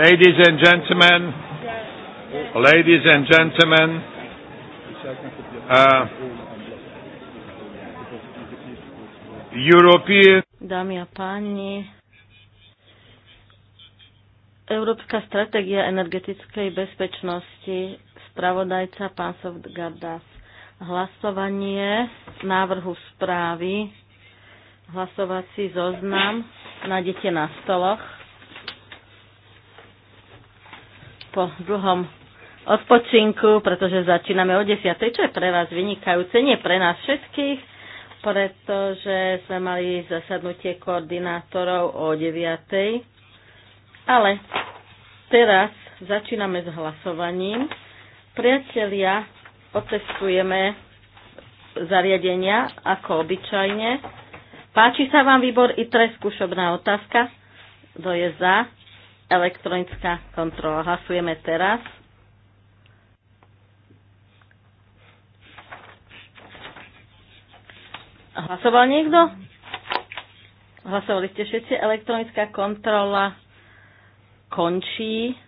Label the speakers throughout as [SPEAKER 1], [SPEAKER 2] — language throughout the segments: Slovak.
[SPEAKER 1] Ladies and gentlemen, ladies and gentlemen, uh,
[SPEAKER 2] European...
[SPEAKER 3] Dámy a páni, Európska stratégia energetickej bezpečnosti, spravodajca pán Sovgardas. Hlasovanie návrhu správy, hlasovací zoznam nájdete na stoloch. po druhom odpočinku, pretože začíname o 10. čo je pre vás vynikajúce, nie pre nás všetkých, pretože sme mali zasadnutie koordinátorov o 9. Ale teraz začíname s hlasovaním. Priatelia, otestujeme zariadenia ako obyčajne. Páči sa vám výbor i treskúšobná otázka? Kto je za? elektronická kontrola. Hlasujeme teraz. Hlasoval niekto? Hlasovali ste všetci. Elektronická kontrola
[SPEAKER 1] končí.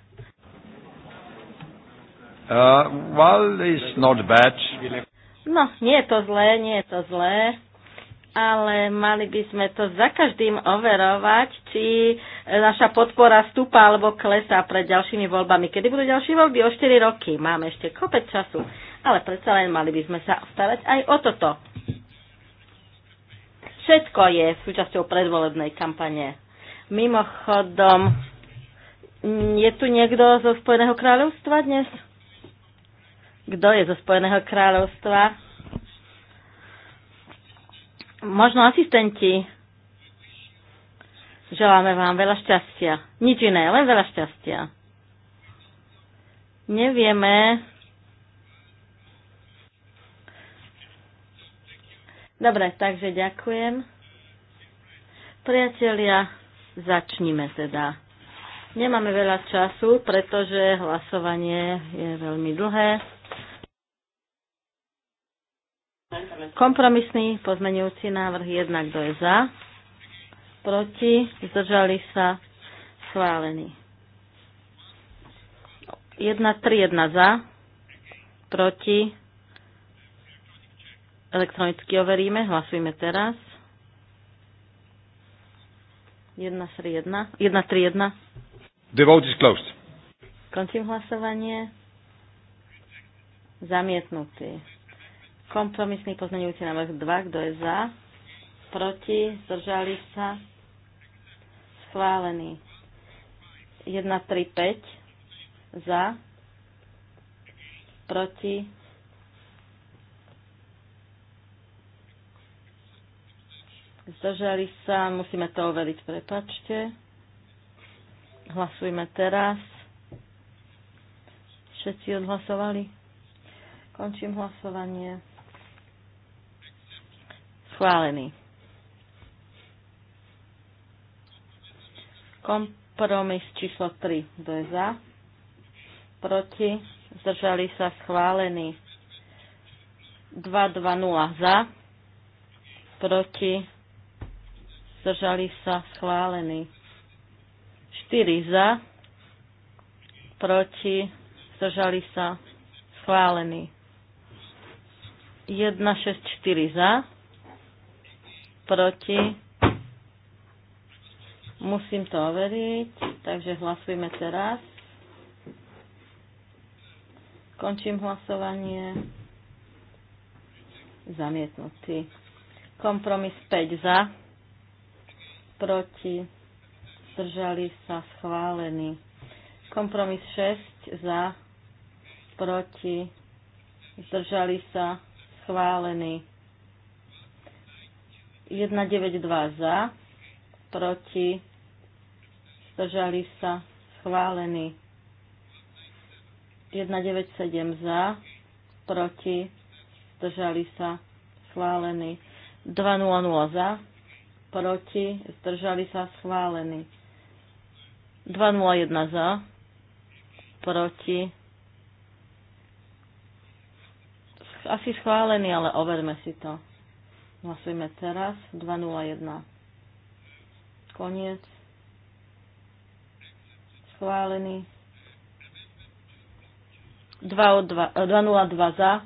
[SPEAKER 1] Uh, well, it's not bad.
[SPEAKER 3] No, nie je to zlé, nie je to zlé ale mali by sme to za každým overovať, či naša podpora stúpa alebo klesá pred ďalšími voľbami. Kedy budú ďalšie voľby? O 4 roky. Máme ešte kopec času. Ale predsa len mali by sme sa starať aj o toto. Všetko je súčasťou predvolebnej kampane. Mimochodom, je tu niekto zo Spojeného kráľovstva dnes? Kto je zo Spojeného kráľovstva? možno asistenti. Želáme vám veľa šťastia. Nič iné, len veľa šťastia. Nevieme. Dobre, takže ďakujem. Priatelia, začnime teda. Nemáme veľa času, pretože hlasovanie je veľmi dlhé. Kompromisný pozmenujúci návrh 1, kto je za, proti, zdržali sa, schválený. 1, 3, 1 za, proti, elektronicky overíme, hlasujeme teraz. 1, 3, 1, 1, 3, 1.
[SPEAKER 1] The vote is closed.
[SPEAKER 3] Končím hlasovanie. Zamietnutý. Kompromisný pozmeňujúci návrh 2, kto je za? Proti? Zdržali sa? Schválený. 1, 3, 5. Za? Proti? Zdržali sa? Musíme to overiť, prepačte. Hlasujme teraz. Všetci odhlasovali? Končím hlasovanie. Schválený. Kompromis číslo 3. Kto je za? Proti? Zdržali sa schválený. 0 za. Proti? Zdržali sa schválený. 4 za. Proti? Zdržali sa schválený. 4 za proti. Musím to overiť, takže hlasujeme teraz. Končím hlasovanie. Zamietnutý. Kompromis 5 za, proti, zdržali sa schválený. Kompromis 6 za, proti, zdržali sa schválený. 192 za, proti, zdržali sa, schválený. 197 za, proti, zdržali sa, schválený. 200 za, proti, zdržali sa, schválený. 201 za, proti, asi schválený, ale overme si to. Hlasujeme teraz. 201. Koniec. Schválený. 202 eh, za.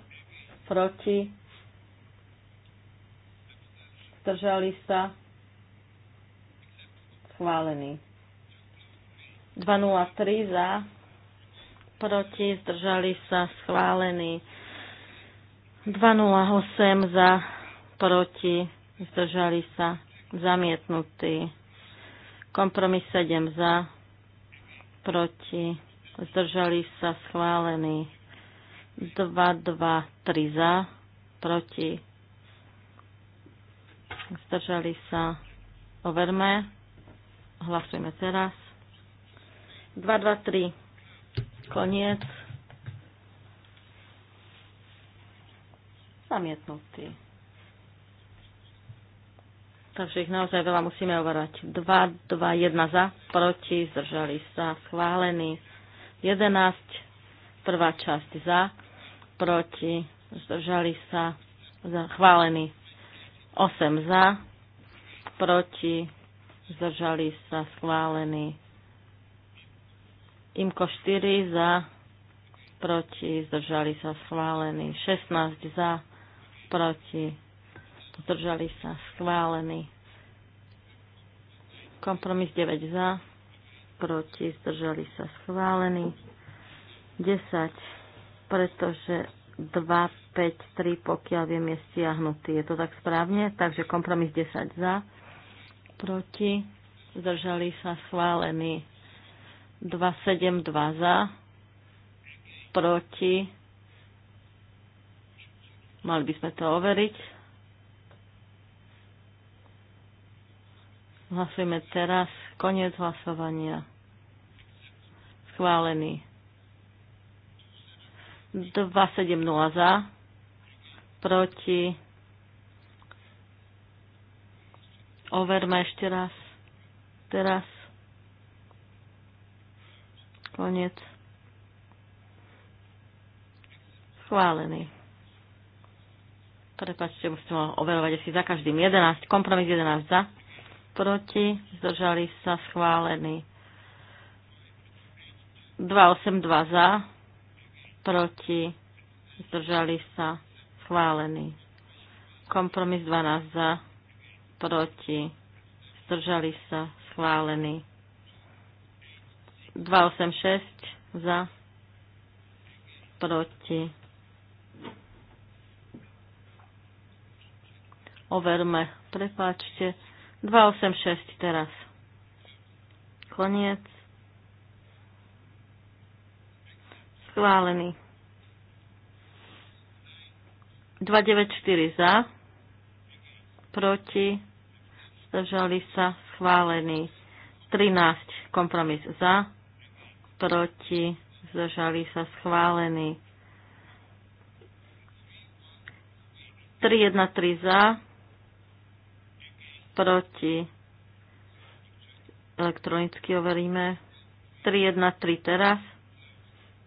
[SPEAKER 3] Proti. Zdržali sa. Schválený. 203 za. Proti. Zdržali sa. Schválený. 208 za proti, zdržali sa, zamietnutý. Kompromis 7 za, proti, zdržali sa, schválený. 2, 2, 3 za, proti, zdržali sa, overme, hlasujeme teraz. 2, 2, 3, koniec. Zamietnutý. Takže ich naozaj veľa musíme overovať. 2, 2, 1 za, proti, zdržali sa, schválený. 11, prvá časť za, proti, zdržali sa, schválený. 8 za, proti, zdržali sa, schválený. Imko 4 za, proti, zdržali sa, schválený. 16 za, proti, zdržali sa, schválený. Kompromis 9 za, proti, zdržali sa, schválený. 10, pretože 2, 5, 3, pokiaľ viem, je stiahnutý. Je to tak správne? Takže kompromis 10 za, proti, zdržali sa, schválený. 2, 7, 2 za, proti, mali by sme to overiť, Hlasujeme teraz. Koniec hlasovania. Schválený. 270 za. Proti. Overme ešte raz. Teraz. Koniec. Schválený. Prepačte, musím overovať asi za každým. 11. Kompromis 11 za proti, zdržali sa schválení. 282 za, proti, zdržali sa schválení. Kompromis 12 za, proti, zdržali sa schválení. 286 za, proti. Overme, prepáčte. 286 teraz. Koniec. Schválený. 294 za. Proti. Zdržali sa. Schválený. 13. Kompromis za. Proti. Zdržali sa. Schválený. 313 za proti, elektronicky overíme, 313 teraz,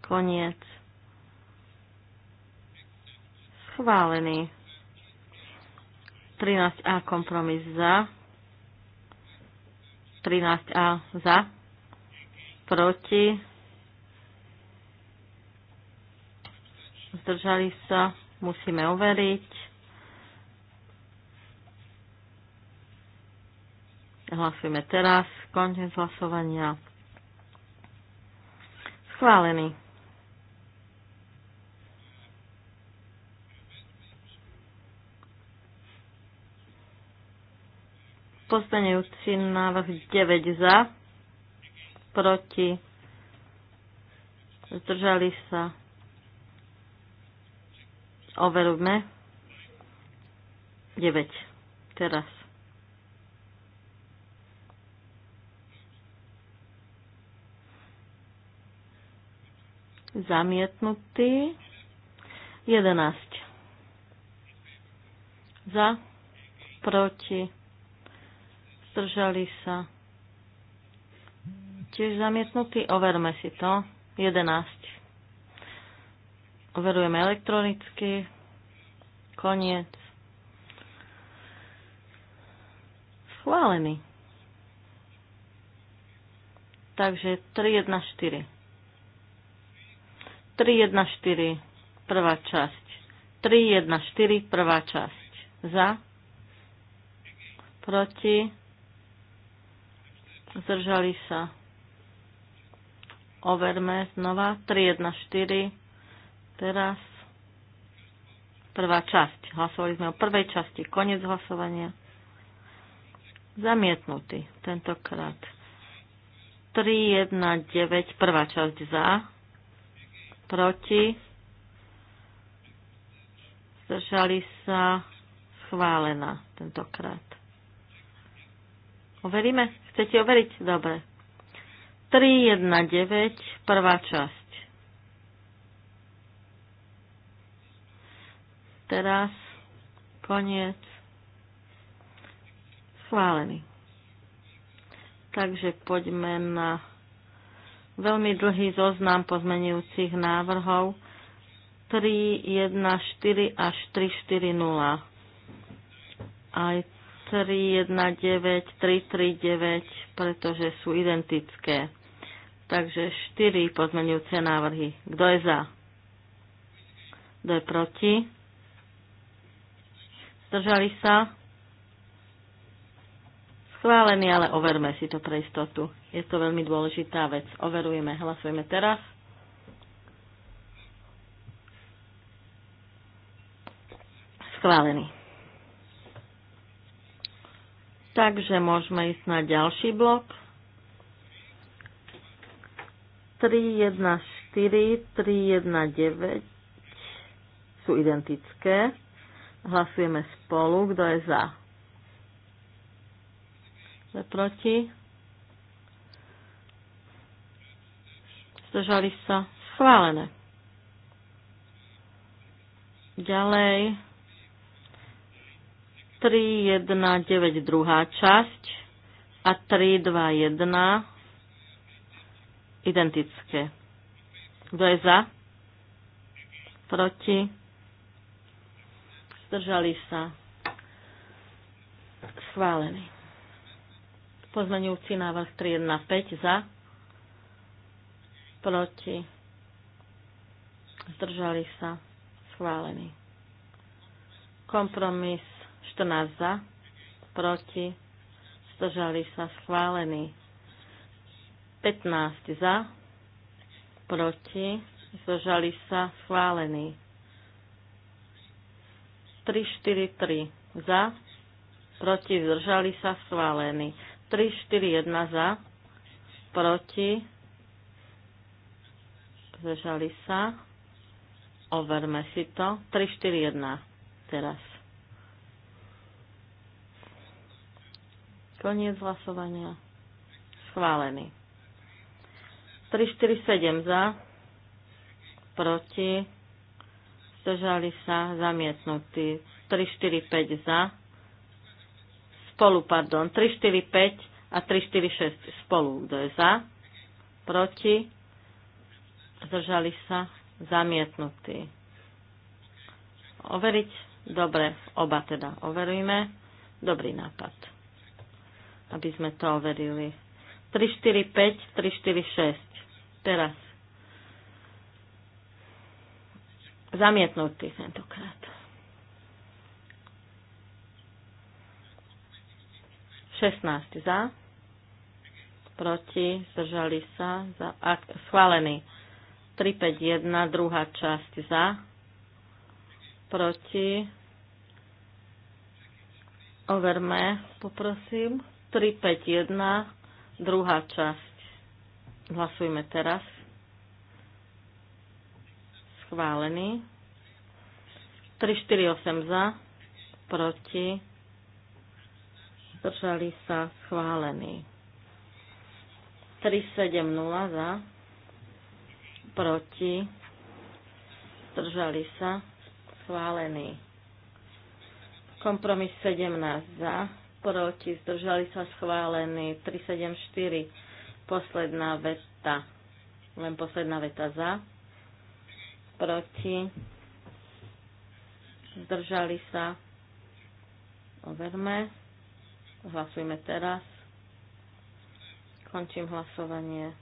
[SPEAKER 3] koniec, schválený, 13A kompromis za, 13A za, proti, zdržali sa, musíme overiť. Hlasujeme teraz. Konec hlasovania. Schválený. Pozdanejúci návrh 9 za, proti, zdržali sa. Overujme. 9. Teraz. Zamietnutý. 11. Za. Proti. Zdržali sa. Tiež zamietnutý. Overme si to. 11. Overujeme elektronicky. Koniec. Schválený. Takže 3, 1, 4. 314, prvá časť. 314, prvá časť. Za, proti, zdržali sa. Overme znova. 314, teraz. Prvá časť. Hlasovali sme o prvej časti. Konec hlasovania. Zamietnutý tentokrát. 3, 1, 9, prvá časť za proti, zdržali sa, schválená tentokrát. Overíme? Chcete overiť? Dobre. 9, prvá časť. Teraz koniec. Schválený. Takže poďme na veľmi dlhý zoznam pozmenujúcich návrhov 3, 1, 4 až 3, 4, 0. Aj 3, 1, 9, 3, 3, 9, pretože sú identické. Takže 4 pozmenujúce návrhy. Kto je za? Kto je proti? Zdržali sa? schválený, ale overme si to pre istotu. Je to veľmi dôležitá vec. Overujeme, hlasujeme teraz. Schválený. Takže môžeme ísť na ďalší blok. 3, 1, 4, 3, 1, 9 sú identické. Hlasujeme spolu, kto je za. Sme proti. Zdržali sa. Schválené. Ďalej. 3, 1, 9, druhá časť a 3, 2, 1 identické. Kto je za? Proti? Zdržali sa? Schválený. Pozmeňujúci návrh 5 za. Proti. Zdržali sa. Schválený. Kompromis 14 za. Proti. Zdržali sa. Schválený. 15 za. Proti. Zdržali sa. Schválený. 3, 4, 3 za. Proti. Zdržali sa. Schválený. 3, 4, 1 za, proti, zdržali sa, overme si to, 3, 4, 1 teraz. Koniec hlasovania. Schválený. 7 za, proti, zdržali sa, zamietnutí. 4-5 za, spolu, pardon, 3, 4, 5 a 3, 4, 6 spolu. Kto je za? Proti? Zdržali sa? Zamietnutí. Overiť? Dobre, oba teda overíme. Dobrý nápad. Aby sme to overili. 3, 4, 5, 3, 4, 6. Teraz. Zamietnutý tentokrát. 16 za, proti, zdržali sa, za, ak, schválený. 351, druhá časť za, proti, overme, poprosím. 351, druhá časť. Hlasujme teraz. Schválený. 348 za, proti, zdržali sa schválení. 370 za, proti, zdržali sa schválení. Kompromis 17 za, proti, zdržali sa schválení. 374, posledná veta, len posledná veta za, proti, zdržali sa, overme. Hlasujme teraz. Končím hlasovanie.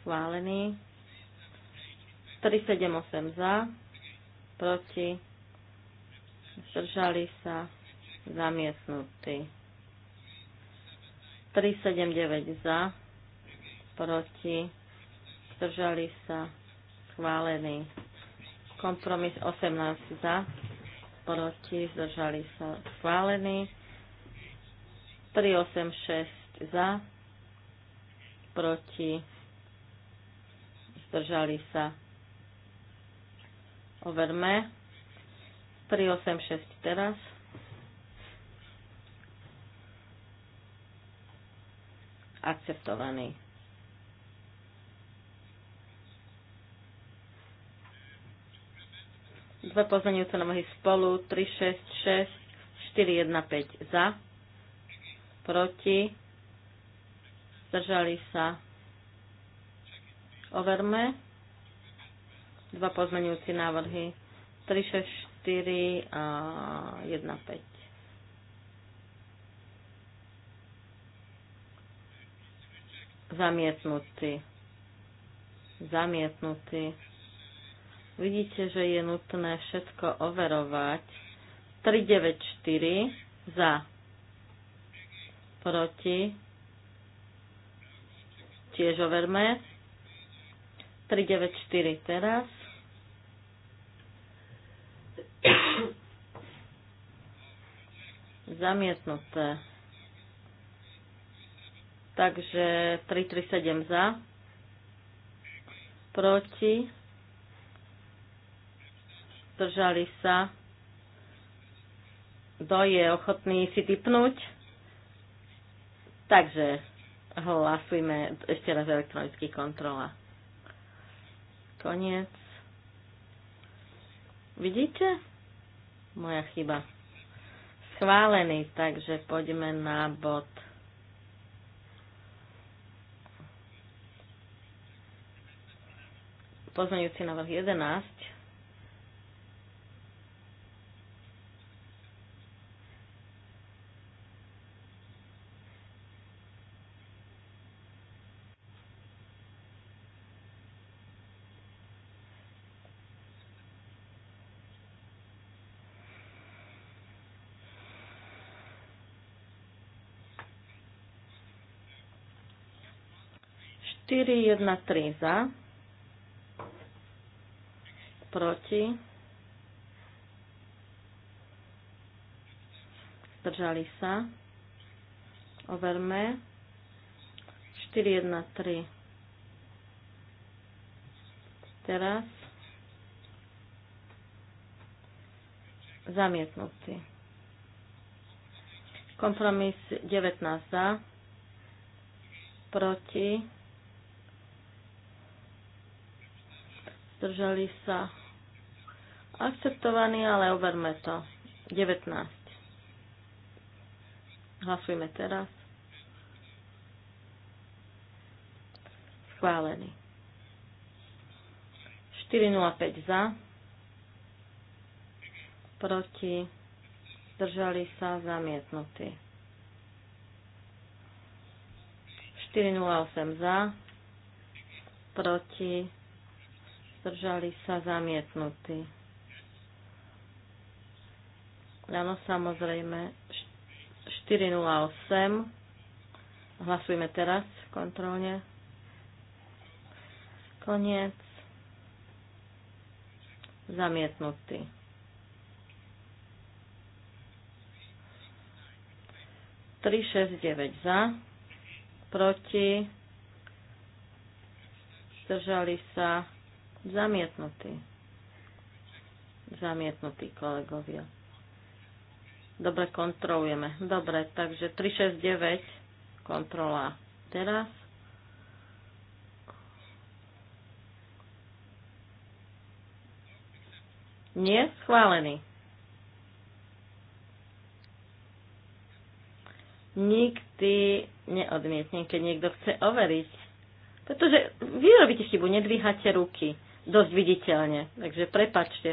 [SPEAKER 3] Schválený. 378 za, proti, zdržali sa, zamiesnutí. 379 za, proti, zdržali sa, schválený. Kompromis 18 za, proti, zdržali sa schválení. 386 za, proti, zdržali sa. Overme. 386 teraz. Akceptovaný. 2 pozvanejúce nohy spolu, 3, 6, 6, 4, 1, 5 za, proti, zdržali sa, overme, Dva pozmenujúci návrhy, 3, 6, 4, a 1, 5. zamietnutý. Zamietnutý. Vidíte, že je nutné všetko overovať. 394 za, proti, tiež overme. 394 teraz. Zamietnuté. Takže 337 za. Proti zdržali sa. Kto je ochotný si typnúť? Takže hlasujme ešte raz elektronický kontrola. Koniec. Vidíte? Moja chyba. Schválený, takže poďme na bod. Pozmeňujúci návrh 11. 3 za, proti, zdržali sa, overme, 3, Teraz zamietnutý. Kompromis 19 za, proti, zdržali sa akceptovaný, ale overme to. 19. Hlasujme teraz. Schválený. 405 za. Proti. Zdržali sa zamietnutí. 408 za. Proti zdržali sa zamietnutí. Áno, samozrejme, 408. Hlasujme teraz kontrolne. Koniec. Zamietnutý. devať za, proti, zdržali sa Zamietnutý. Zamietnutý, kolegovia. Dobre, kontrolujeme. Dobre, takže 369 kontrola teraz. Nie, schválený. Nikdy neodmietne, keď niekto chce overiť. Pretože vy robíte chybu, nedvíhate ruky dosť viditeľne. Takže prepačte.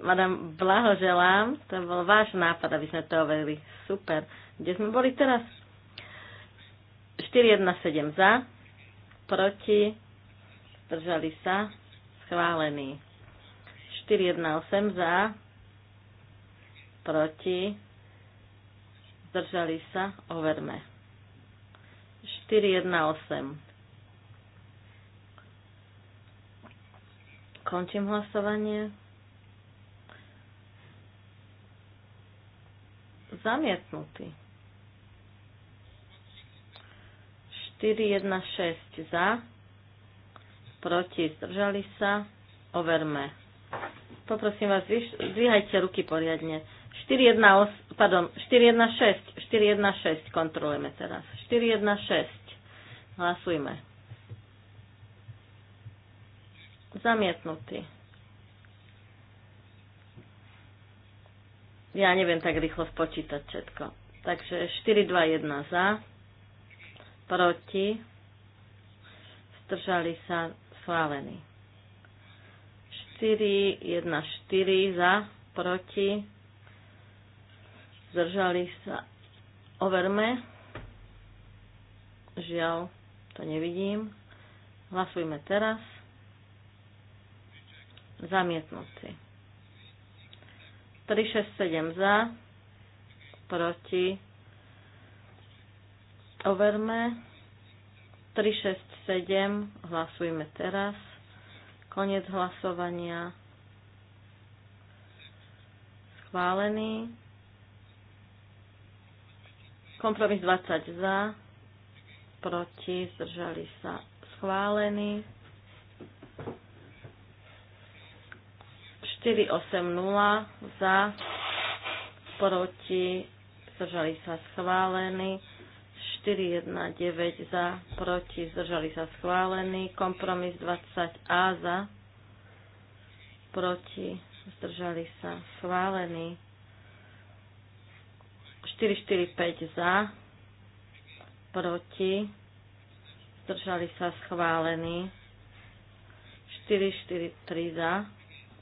[SPEAKER 3] Madam, blahoželám. To bol váš nápad, aby sme to overili. Super. Kde sme boli teraz? 417 za, proti, držali sa, schválený. 4-1-8 za, proti, držali sa, overme. 4-1-8. Končím hlasovanie. Zamietnutý. 416 za. Proti zdržali sa. Overme. Poprosím vás, zvíhajte ruky poriadne. 8, pardon, 1, 6 kontrolujeme teraz. 6. Hlasujme. Zamietnutý. Ja neviem tak rýchlo spočítať všetko. Takže 4, 2, 1 za, proti, zdržali sa schválení. 4, 1, 4 za, proti, zdržali sa, overme, žiaľ, to nevidím. Hlasujme teraz. Zamietnutý. 367 za, proti, overme. 367, hlasujme teraz. Konec hlasovania. Schválený. Kompromis 20 za, proti, zdržali sa schválený. 480 za, proti, zdržali sa schválení. 419 za, proti, zdržali sa schválení. Kompromis 20A za, proti, zdržali sa schválení. 445 za, proti, zdržali sa schválení. 443 za,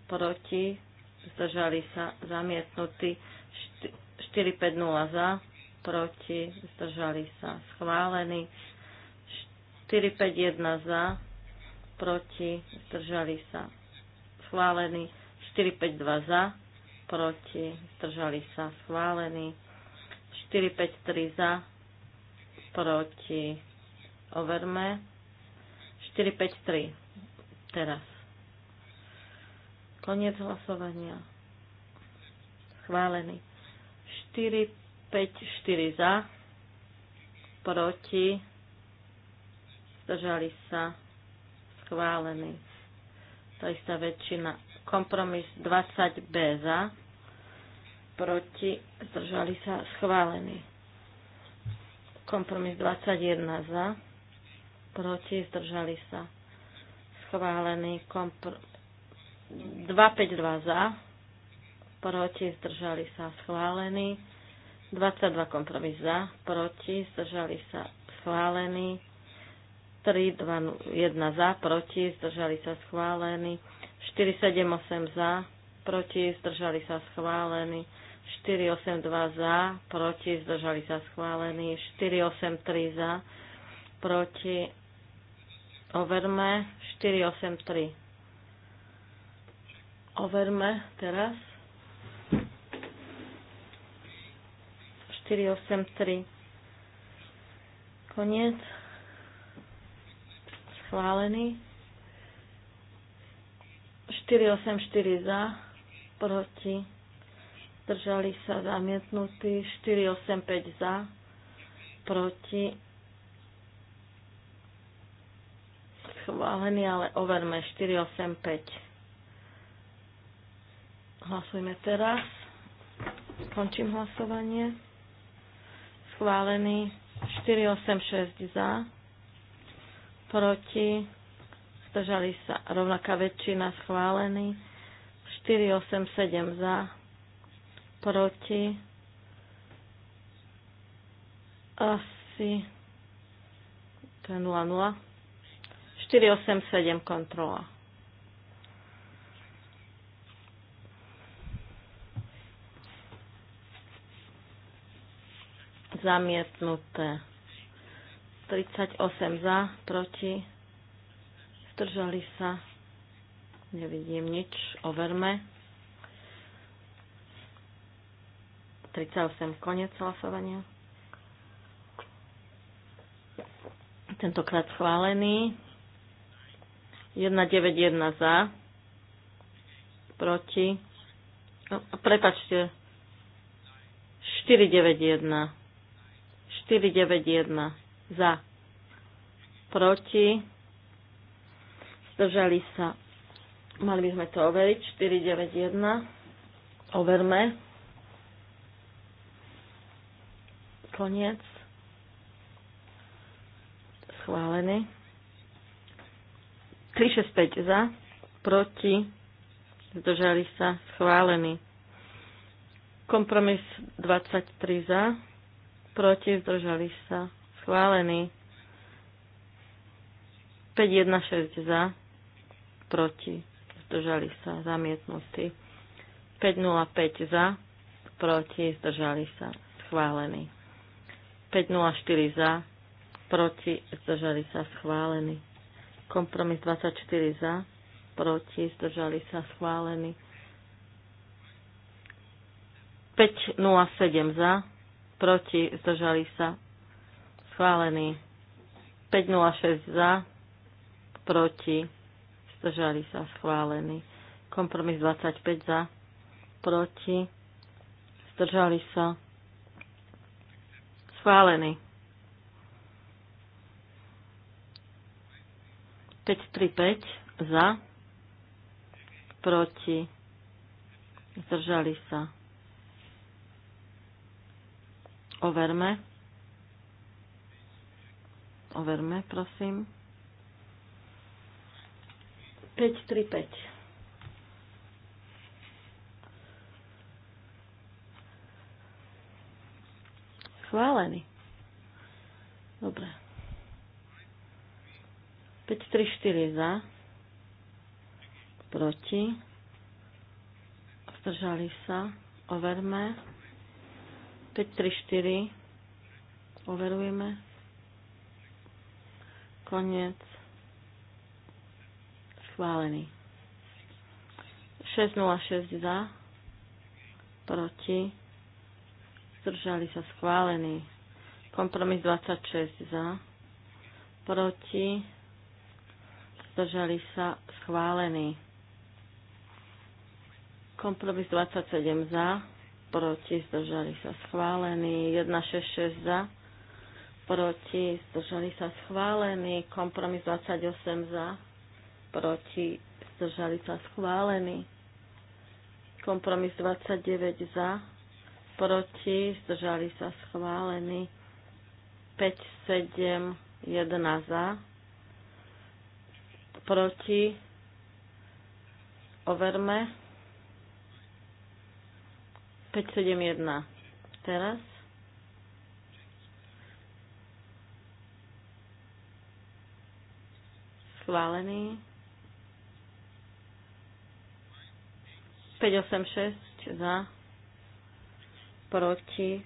[SPEAKER 3] proti, zdržali sa zamietnutí 450 za, proti, zdržali sa schválení 1 za, proti, zdržali sa schválení 4-5-2 za, proti, zdržali sa schválení 4-5-3 za, proti, overme 4-5-3 teraz. Koniec hlasovania. Schválený. 4, 5, 4 za. Proti. Zdržali sa. Schválený. To istá väčšina. Kompromis 20B za. Proti. Zdržali sa. Schválený. Kompromis 21 za. Proti. Zdržali sa schválený kompr- 252 za, proti, zdržali sa schválení. 22 kompromis za, proti, zdržali sa schválení. 3, 2, 1 za, proti, zdržali sa schválení. 478 za, proti, zdržali sa schválení. 2 za, proti, zdržali sa schválení. 483 za, proti, overme. 483. Overme teraz. 483. Koniec. Schválený. 484 za, proti, držali sa zamietnutí, 485 za, proti, schválený, ale overme 485. Hlasujme teraz. Končím hlasovanie. Schválený 486 za, proti, zdržali sa rovnaká väčšina schválený, 487 za, proti, asi, to je 00, 487 kontrola. zamietnuté. 38 za, proti, zdržali sa, nevidím nič, overme. 38, koniec hlasovania. Tentokrát schválený. 191 za, proti, no, prepačte, 491 491 za, proti, zdržali sa. Mali by sme to overiť, 491, overme. Koniec. Schválený. 365 za, proti, zdržali sa, schválený. Kompromis 23 za, Proti, zdržali sa. Schválený. 5, 1, 6 za. Proti, zdržali sa. Zamietnutý. 5, 0, 5 za. Proti, zdržali sa. Schválený. 5, 0, 4 za. Proti, zdržali sa. Schválený. Kompromis 24 za. Proti, zdržali sa. Schválený. 5, 0, 7 za proti, zdržali sa, schválený. 506 za, proti, zdržali sa, schválený. Kompromis 25 za, proti, zdržali sa, schválený. 535 za, proti, zdržali sa, Overme. Overme, prosím. 5. Chválený. Dobre. 4 za. Proti. Zdržali sa. Overme. 5 4-4, Overujeme. Koniec. Schválený. 606 za. Proti. Zdržali sa schválený. Kompromis 26 za. Proti. Zdržali sa schválený. Kompromis 27 za proti, zdržali sa schválení, 166 za, proti, zdržali sa schválení, kompromis 28 za, proti, zdržali sa schválení, kompromis 29 za, proti, zdržali sa schválení, 5, 7, 1 za, proti, overme, 571. Teraz. Schválený. 586 za. Proti.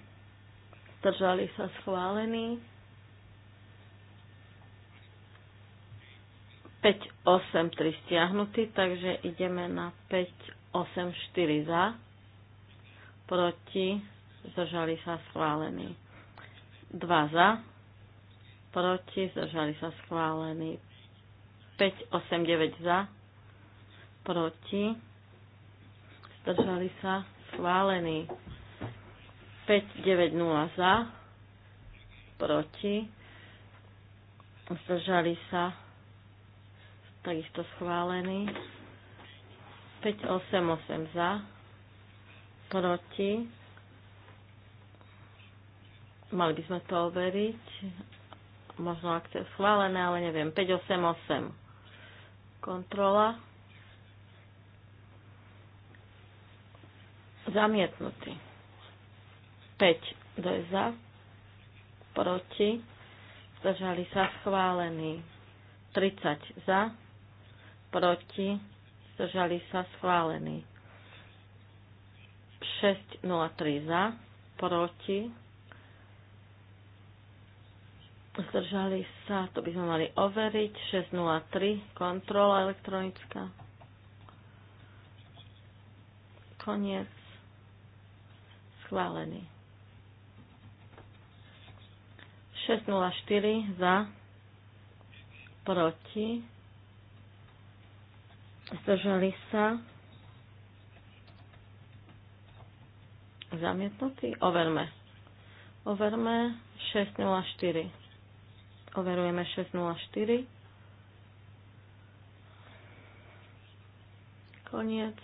[SPEAKER 3] Zdržali sa schválení. 583 stiahnutý, takže ideme na 584 za proti, zdržali sa schválení. 2 za, proti, zdržali sa schválení. 5, 8, 9 za, proti, zdržali sa schválení. 5, 9, 0 za, proti, zdržali sa takisto schválení. 5, 8, 8 za, proti. Mali by sme to overiť. Možno ak to je schválené, ale neviem. 588. Kontrola. Zamietnutý. 5. Kto je za? Proti. Zdržali sa schválení. 30 za. Proti. Zdržali sa schválení. 603 za, proti, zdržali sa, to by sme mali overiť, 603, kontrola elektronická, koniec, schválený. 604 za, proti, zdržali sa, Zamietnutý? Overme. Overme 604. Overujeme 604. Koniec.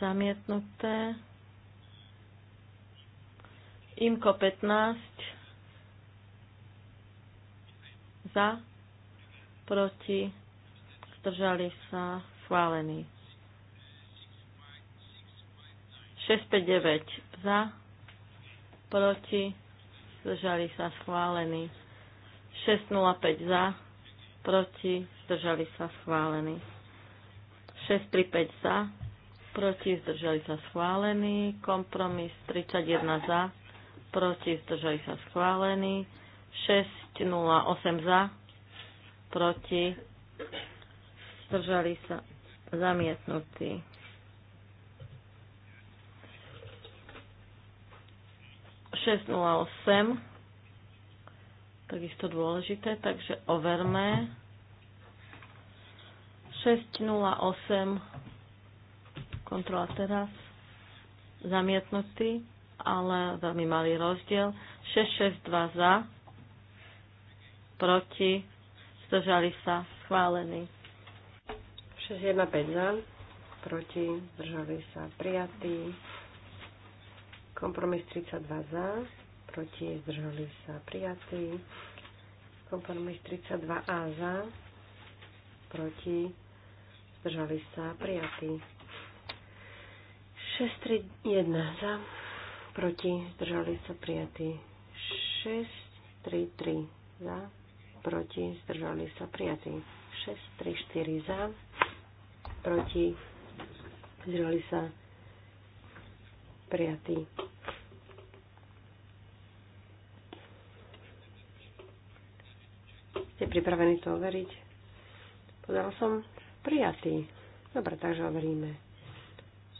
[SPEAKER 3] Zamietnuté. Imko 15. Za. Proti. Zdržali sa. Schválený. 659 za, proti, zdržali sa schválení. 605 za, proti, zdržali sa schválení. 635 za, proti, zdržali sa schválení. Kompromis 31 za, proti, zdržali sa schválení. 608 za, proti, zdržali sa zamietnutí. 608, takisto dôležité, takže overme. 608, kontrola teraz, zamietnutý, ale veľmi malý rozdiel. 662 za, proti, zdržali sa, schválený. 615 za, proti, zdržali sa, prijatý.
[SPEAKER 4] Kompromis 32 za, proti zdržali sa prijatí. Kompromis 32A za, proti zdržali sa prijatí. 631 za, proti zdržali sa prijatí. 633 za, proti zdržali sa prijatí. 634 za, proti zdržali sa prijatí. Ste pripravení to overiť? Podal som prijatý. Dobre, takže overíme.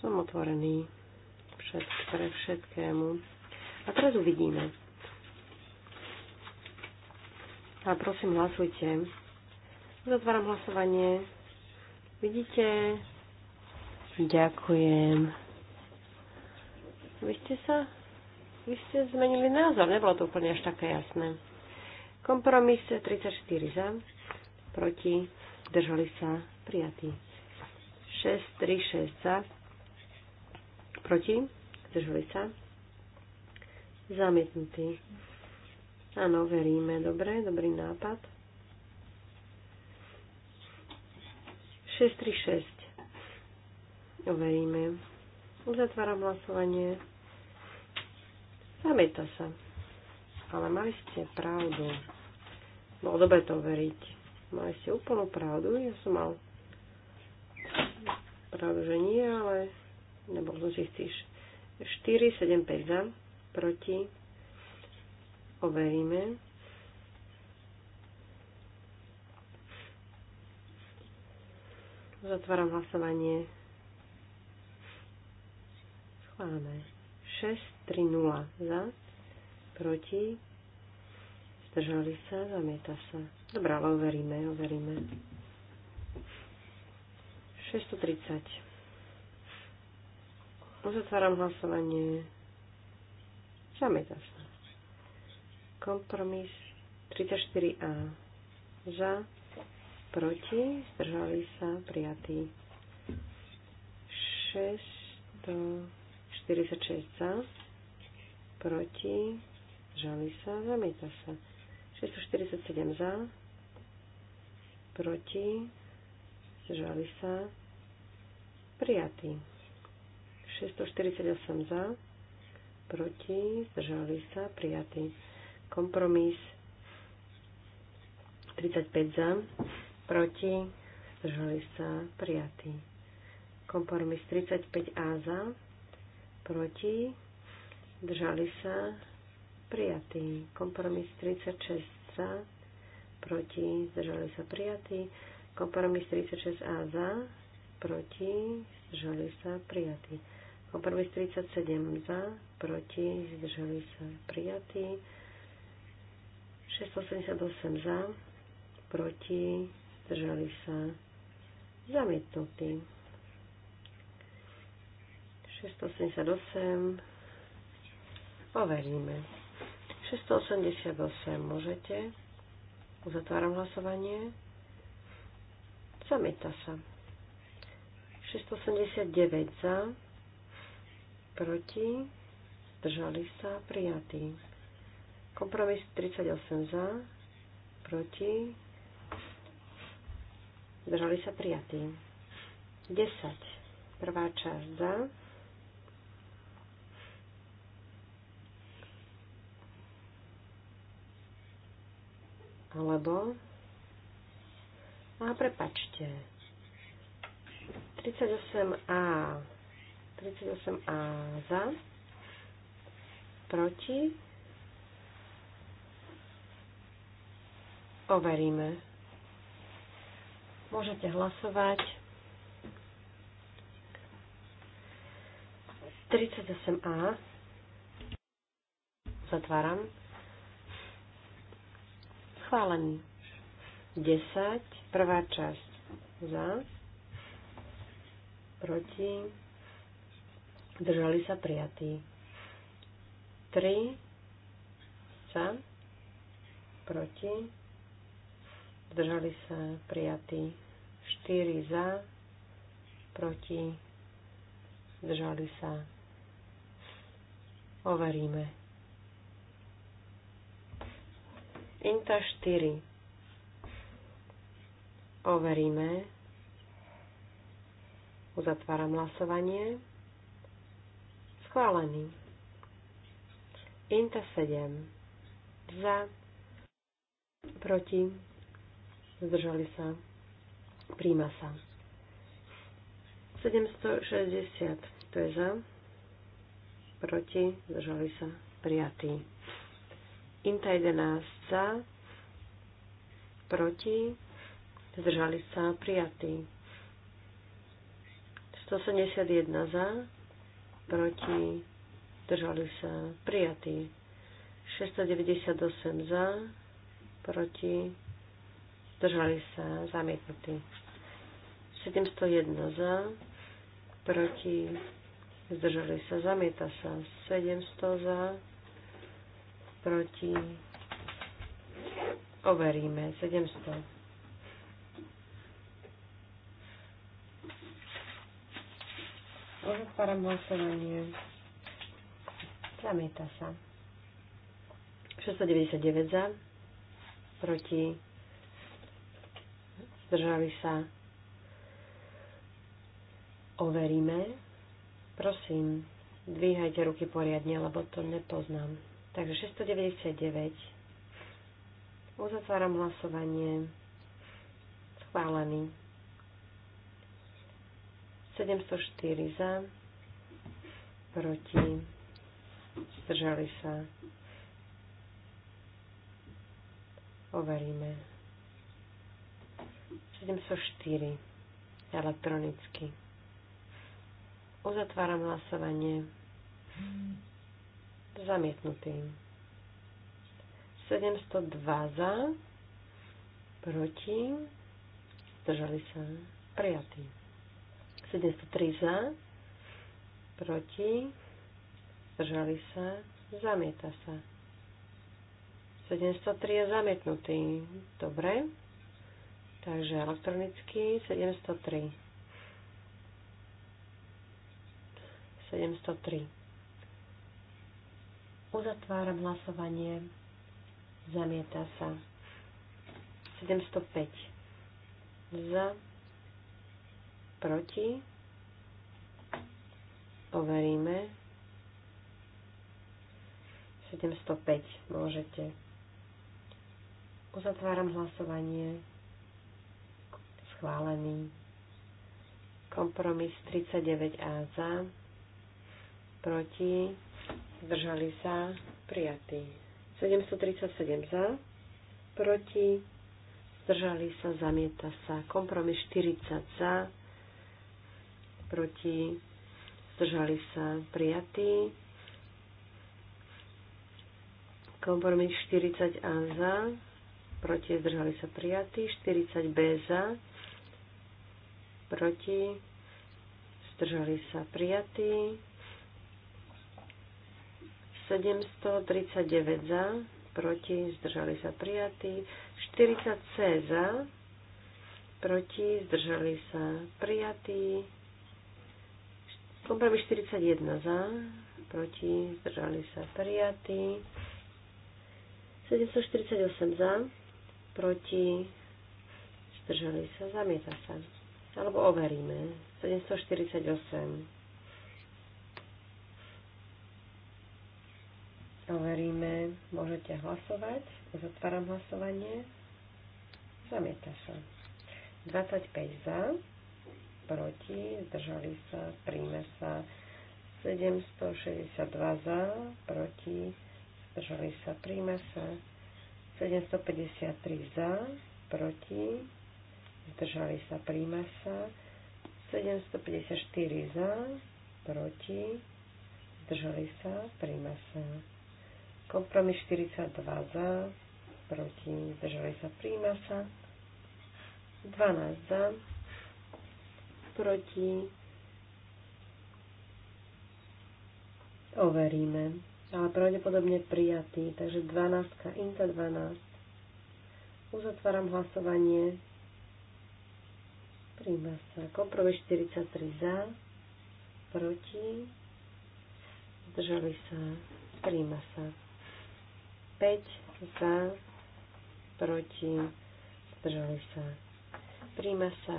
[SPEAKER 4] Som otvorený všet, pre všetkému. A teraz uvidíme. A prosím, hlasujte. Zatváram hlasovanie. Vidíte? Ďakujem. Vy ste sa... Vy ste zmenili názor, nebolo to úplne až také jasné. Kompromis 34 za, proti, držali sa, prijatý. 6, 3, 6 za, proti, držali sa, zamietnutý. Áno, veríme, dobre, dobrý nápad. 6, 3, 6. Overíme. Uzatváram hlasovanie. Zamieta sa. Ale mali ste pravdu. Bolo no, dobre to veriť. Mali ste úplnú pravdu, ja som mal pravdu, že nie, ale nebol som si chcíš. 4, 7, 5 za, proti, overíme. Zatváram hlasovanie. Schválame. 6, 3, 0 za, proti, Zdržali sa, zamieta sa. Dobre, ale overíme, overíme. 630. Uzatváram hlasovanie. Zamieta sa. Kompromis 34A. Za, proti, zdržali sa, prijatý. 646 za, proti, zdržali sa, zamieta sa. 647 za, proti, zdržali sa, prijatý. 648 za, proti, zdržali sa, prijatý. Kompromis 35 za, proti, zdržali sa, prijatý. Kompromis 35A za, proti, zdržali sa, prijatý. Kompromis 36 za, proti, zdržali sa prijatý. Kompromis 36A za, proti, zdržali sa prijatý. Kompromis 37 za, proti, zdržali sa prijatý. 688 za, proti, zdržali sa zamietnutý. 688 overíme. 688 môžete. Uzatváram hlasovanie. Zamieta sa. 689 za. Proti. Zdržali sa. Prijatý. Kompromis 38 za. Proti. Zdržali sa. Prijatý. 10. Prvá časť za Alebo... A prepačte. 38A. 38A za. Proti. Overíme. Môžete hlasovať. 38A. Zatváram schválený. 10, prvá časť za, proti, držali sa prijatí. 3, za, proti, držali sa prijatí. 4 za, proti, držali sa. Overíme. Inta 4. Overíme. Uzatváram hlasovanie. Schválený. Inta 7. Za. Proti. Zdržali sa. Príjma sa. 760. To je za. Proti. Zdržali sa. Prijatý. Inta 11 za, proti, zdržali sa, prijatí. 171 za, proti, zdržali sa, prijatí. 698 za, proti, zdržali sa, zamietnutí. 701 za, proti, zdržali sa, zamieta sa, 700 za, proti, overíme, 700. Otváram hlasovanie. Zamieta sa. 699 za, proti, zdržali sa. Overíme. Prosím, dvíhajte ruky poriadne, lebo to nepoznám. Takže 699. Uzatváram hlasovanie. Schválený. 704 za. Proti. Zdržali sa. Overíme. 704 elektronicky. Uzatváram hlasovanie. Zamietnutý. 702 za. Proti. Zdržali sa. Prijatý. 703 za. Proti. Zdržali sa. Zamieta sa. 703 je zamietnutý. Dobre. Takže elektronicky 703. 703. Uzatváram hlasovanie. Zamieta sa. 705. Za. Proti. Overíme. 705 môžete. Uzatváram hlasovanie. Schválený. Kompromis 39A za. Proti zdržali sa, prijatý. 737 za, proti, zdržali sa, zamieta sa. Kompromis 40 za, proti, zdržali sa, prijatý. Kompromis 40A za, proti, zdržali sa, prijatý. 40B za, proti, zdržali sa, prijatý. 739 za, proti, zdržali sa prijatí. 40 C za, proti, zdržali sa prijatí. Kompromis 41 za, proti, zdržali sa prijatí. 748 za, proti, zdržali sa, zamieta sa. Alebo overíme. 748. Overíme, môžete hlasovať. Zatváram hlasovanie. Zamieta sa. 25 za, proti, zdržali sa, príjme sa. 762 za, proti, zdržali sa, príjme sa. 753 za, proti, zdržali sa, príjme sa. 754 za, proti, zdržali sa, príjme sa. Kompromis 42 za, proti, zdržali sa, príjma sa. 12 za, proti, overíme, ale pravdepodobne prijatý, takže 12, inta 12. Uzatváram hlasovanie, príjma sa. Kompromis 43 za, proti, zdržali sa, príjma sa. 5 za, proti, zdržali sa. Príjma sa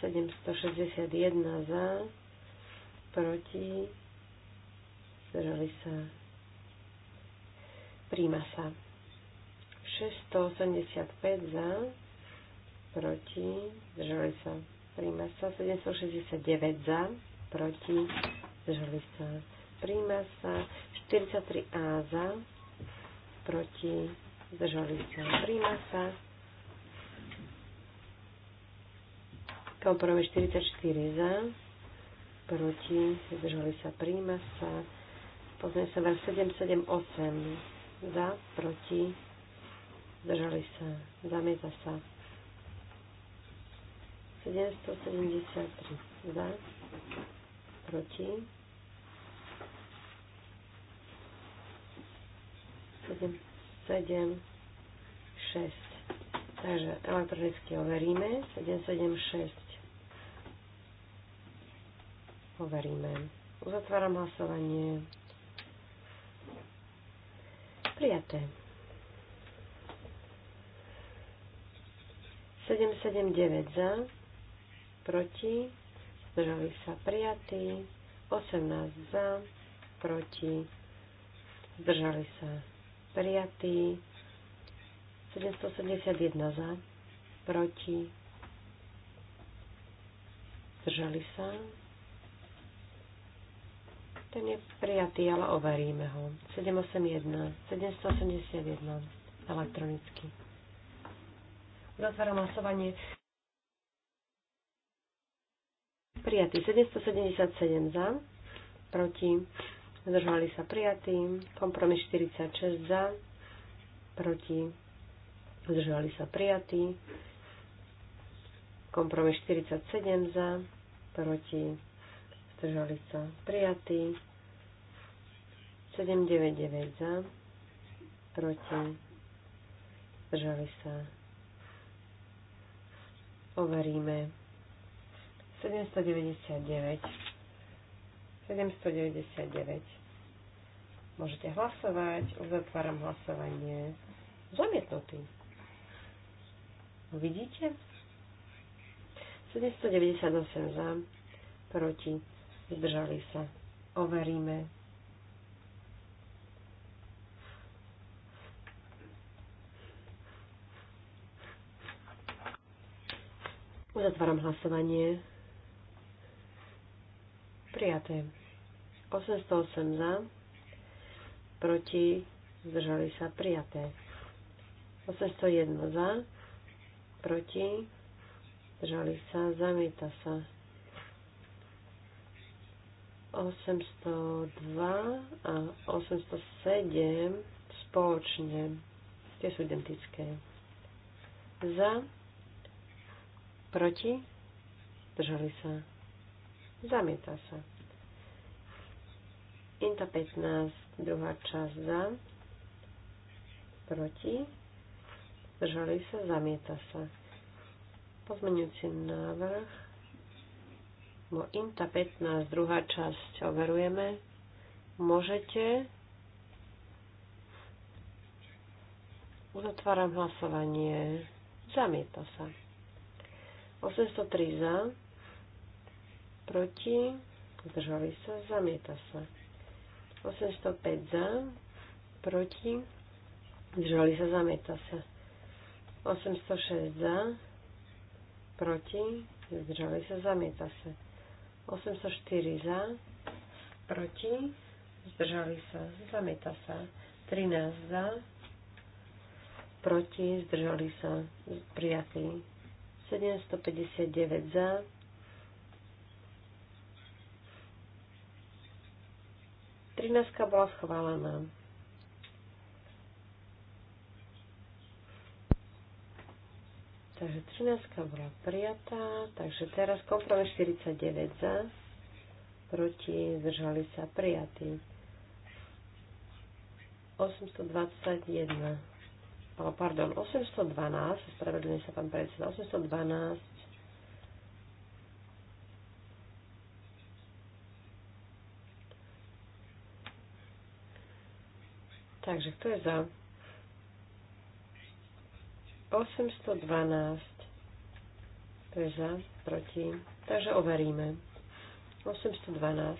[SPEAKER 4] 761 za, proti, zdržali sa. Príjma sa 685 za, proti, zdržali sa. Príjma sa 769 za, proti, zdržali sa. Príjma sa 43A za, proti, zdržali sa, príjma sa. Kompromis 44 za, proti, zdržali sa, príjma sa. Pozrieme sa ver 778 za, proti, zdržali sa, zamieta sa.
[SPEAKER 3] 773 za, proti, 7, 7,
[SPEAKER 4] 6. Takže elektronicky overíme. 7, 7, 6. Overíme. Uzatváram hlasovanie. Prijaté. 9 za, proti, zdržali sa prijatí, 18 za, proti, zdržali sa prijatý 771 za, proti, zdržali sa. Ten je prijatý, ale overíme ho. 781, 781 elektronicky. Zatváram hlasovanie. Prijatý 777 za, proti Zdržali sa prijatí. Kompromis 46 za. Proti. Zdržali sa prijatí. Kompromis 47 za. Proti. Zdržali sa prijatí. 799 za. Proti. Zdržali sa. Overíme. 799. 799. Môžete hlasovať. Uzatváram hlasovanie. Zamietnutý. Vidíte? 798 za, proti, zdržali sa. Overíme. Uzatváram hlasovanie. Prijaté. 808 za. Proti. Zdržali sa. Prijaté. 801 za. Proti. Zdržali sa. Zamieta sa. 802 a 807 spoločne. Tie sú identické. Za. Proti. Držali sa. Zamieta sa. Inta 15, druhá časť za, proti, zdržali sa, zamieta sa. Pozmeňujúci návrh, bo Inta 15, druhá časť, overujeme. Môžete. Uzatváram hlasovanie. Zamieta sa. 803 za, proti, zdržali sa, zamieta sa. 805 za, proti, zdržali sa, zamieta sa. 806 za, proti, zdržali sa, zamieta sa. 804 za, proti, zdržali sa, zamieta sa. 13 za, proti, zdržali sa, prijatí. 759 za, 13 bola schválená. Takže 13 bola prijatá, takže teraz kompromis 49 za, proti, zdržali sa prijatí. 821, pardon, 812, spravedlňuje sa pán predseda, 812 Takže kto je za? 812. To je za, proti. Takže overíme. 812.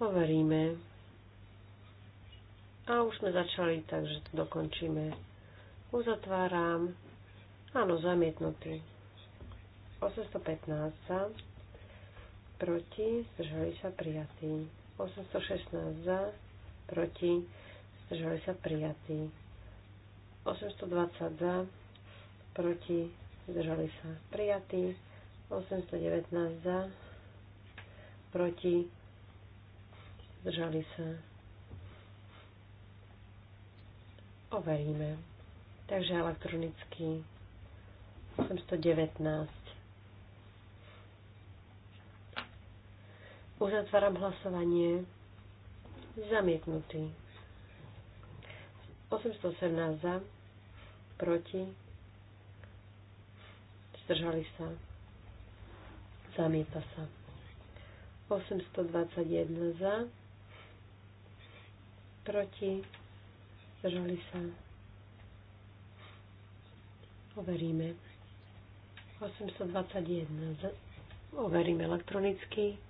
[SPEAKER 4] Overíme. A už sme začali, takže to dokončíme. Uzatváram. Áno, zamietnutý. 815 za proti, zdržali sa prijatí. 816 za, proti, zdržali sa prijatí. 820 za, proti, zdržali sa prijatí. 819 za, proti, zdržali sa. Overíme. Takže elektronicky 819. Uzatváram hlasovanie. Zamietnutý. 818 za. Proti. Zdržali sa. Zamieta sa. 821 za. Proti. Zdržali sa. Overíme. 821. Overíme elektronicky.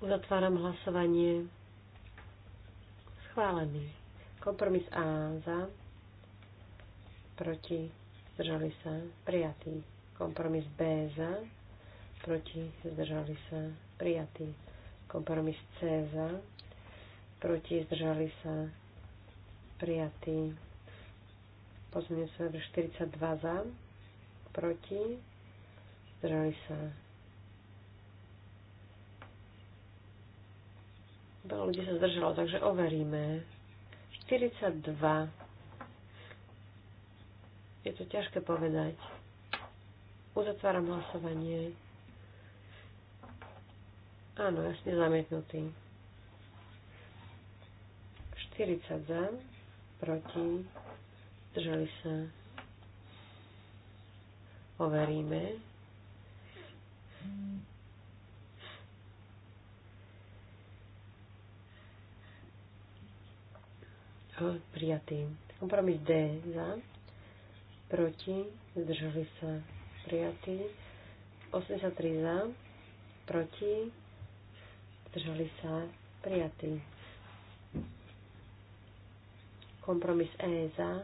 [SPEAKER 4] Uzatváram hlasovanie. Schválený. Kompromis A za. Proti. Zdržali sa. Prijatý. Kompromis B za. Proti. Zdržali sa. Prijatý. Kompromis C za. Proti. Zdržali sa. Prijatý. Pozmeňujem sa 42 za. Proti. Zdržali sa Veľa ľudí sa zdržalo, takže overíme. 42. Je to ťažké povedať. Uzatváram hlasovanie. Áno, jasne zamietnutý. 40 za, proti, zdržali sa. Overíme. prijatý. Kompromis D za, proti, zdržali sa prijatý. 83 za, proti, zdržali sa prijatý. Kompromis E za,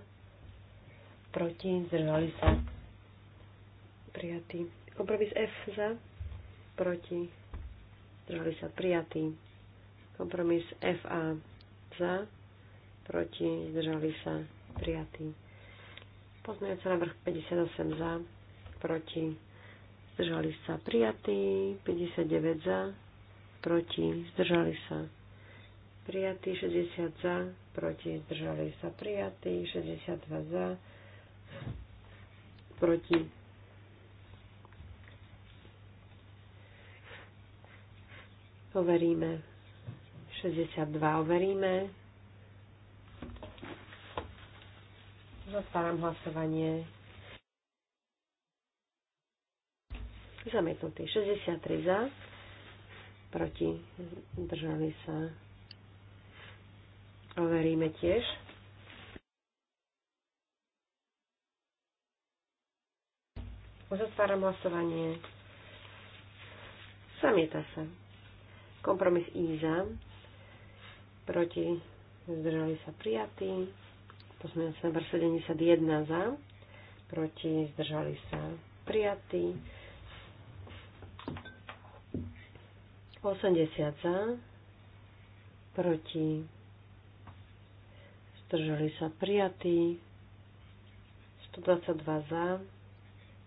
[SPEAKER 4] proti, zdržali sa prijatý. Kompromis F za, proti, zdržali sa prijatý. Kompromis FA za, proti, zdržali sa, prijatý. Pozmeňujúci návrh 58 za, proti, zdržali sa, prijatý. 59 za, proti, zdržali sa, prijatý. 60 za, proti, zdržali sa, prijatý. 62 za, proti, overíme. 62 overíme. Zastávam hlasovanie. Zamietnutý. 63 za. Proti. Držali sa. Overíme tiež. Uzatváram hlasovanie. Zamieta sa. Kompromis I za. Proti. Zdržali sa prijatí. Pozmeňujúci návrh 71 za, proti, zdržali sa, prijatí, 80 za, proti, zdržali sa, prijatí, 122 za,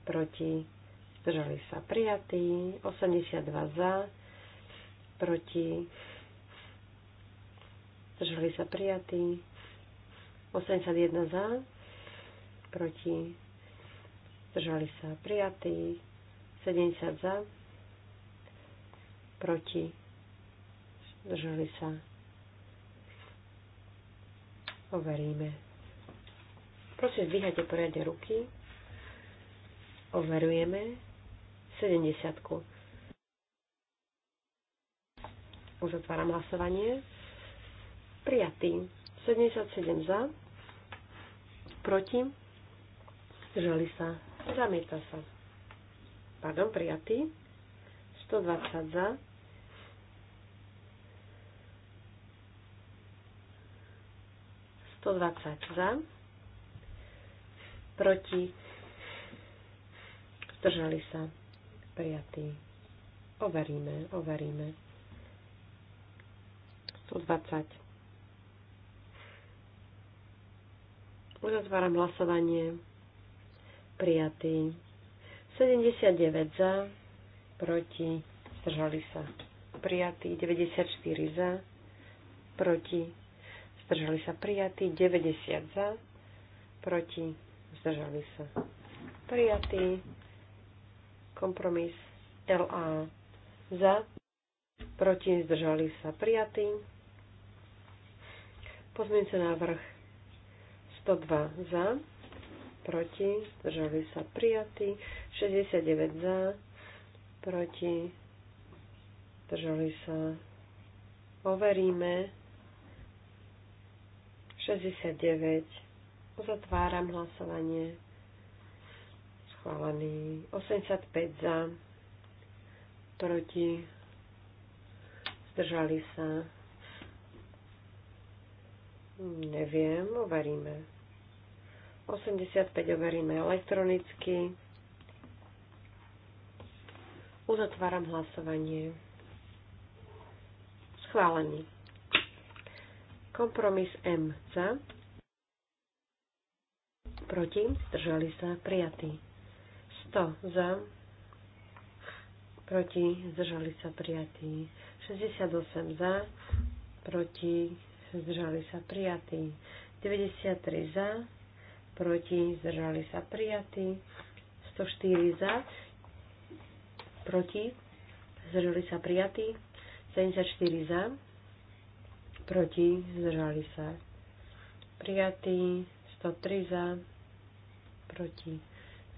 [SPEAKER 4] proti, zdržali sa, prijatí, 82 za, proti, zdržali sa, prijatí, 81 za, proti, zdržali sa prijatí, 70 za, proti, zdržali sa. Overíme. Prosím, zdvíhajte poriadne ruky. Overujeme 70. -ku. Už otváram hlasovanie. Prijatý. 77 za, proti, zdržali sa, zamieta sa. Pardon, prijatý. 120 za, za, proti, zdržali sa, prijatí, Overíme, overíme. 120. Uzatváram hlasovanie. Prijatý. 79 za, proti, zdržali sa. Prijatý. 94 za, proti, zdržali sa. Prijatý. 90 za, proti, zdržali sa. Prijatý. Kompromis LA za, proti, zdržali sa. Prijatý. sa návrh 102 za, proti, zdržali sa prijatí, 69 za, proti, zdržali sa, overíme, 69, uzatváram hlasovanie, schválený, 85 za, proti, zdržali sa, neviem, overíme. 85 overíme elektronicky. Uzatváram hlasovanie. Schválený. Kompromis M za. Proti. Zdržali sa. Prijatý. 100 za. Proti. Zdržali sa. Prijatý. 68 za. Proti. Zdržali sa. Prijatý. 93 za proti, zdržali sa prijatí. 104 za, proti, zdržali sa prijatí. 74 za, proti, zdržali sa prijatí. 103 za, proti,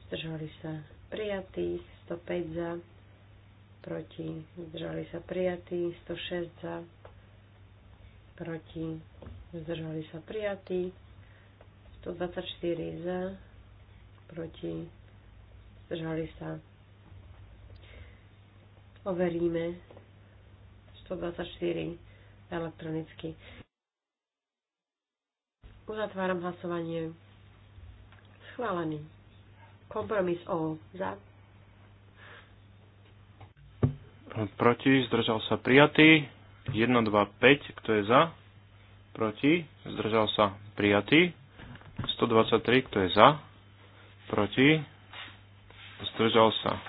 [SPEAKER 4] zdržali sa prijatí. 105 za, proti, zdržali sa prijatí. 106 za, proti, zdržali sa prijatí. 124 za, proti, zdržali sa. Overíme 124 elektronicky. Uzatváram hlasovanie. Schválený. Kompromis O za.
[SPEAKER 2] Proti, zdržal sa prijatý. 1, 2, 5, kto je za? Proti, zdržal sa prijatý. 123, kto je za, proti, zdržal sa.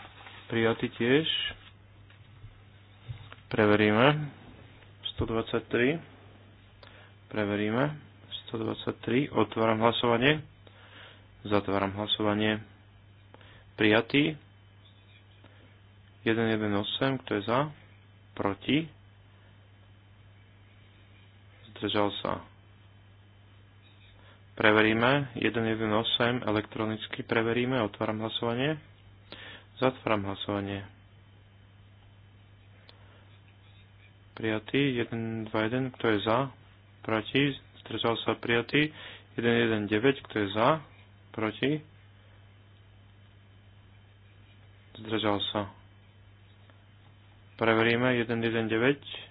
[SPEAKER 2] Prijatý tiež. Preveríme. 123. Preveríme. 123. Otváram hlasovanie. Zatváram hlasovanie. Prijatý. 118. Kto je za? Proti. Zdržal sa Preveríme. 118 elektronicky preveríme. Otváram hlasovanie. Zatváram hlasovanie. Prijatý. 121. Kto je za? Proti. Zdržal sa prijatý. 119. Kto je za? Proti. Zdržal sa. Preveríme. 119.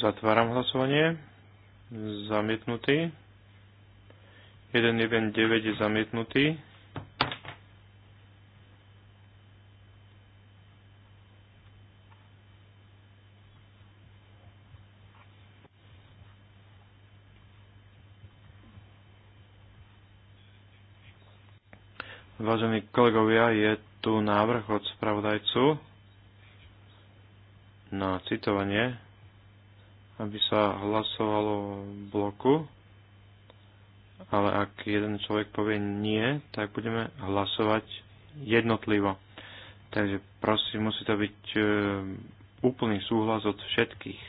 [SPEAKER 2] Zatváram hlasovanie. Zamietnutý. 119 je zamietnutý. Vážení kolegovia, je tu návrh od spravodajcu na citovanie aby sa hlasovalo v bloku, ale ak jeden človek povie nie, tak budeme hlasovať jednotlivo. Takže prosím, musí to byť e, úplný súhlas od všetkých.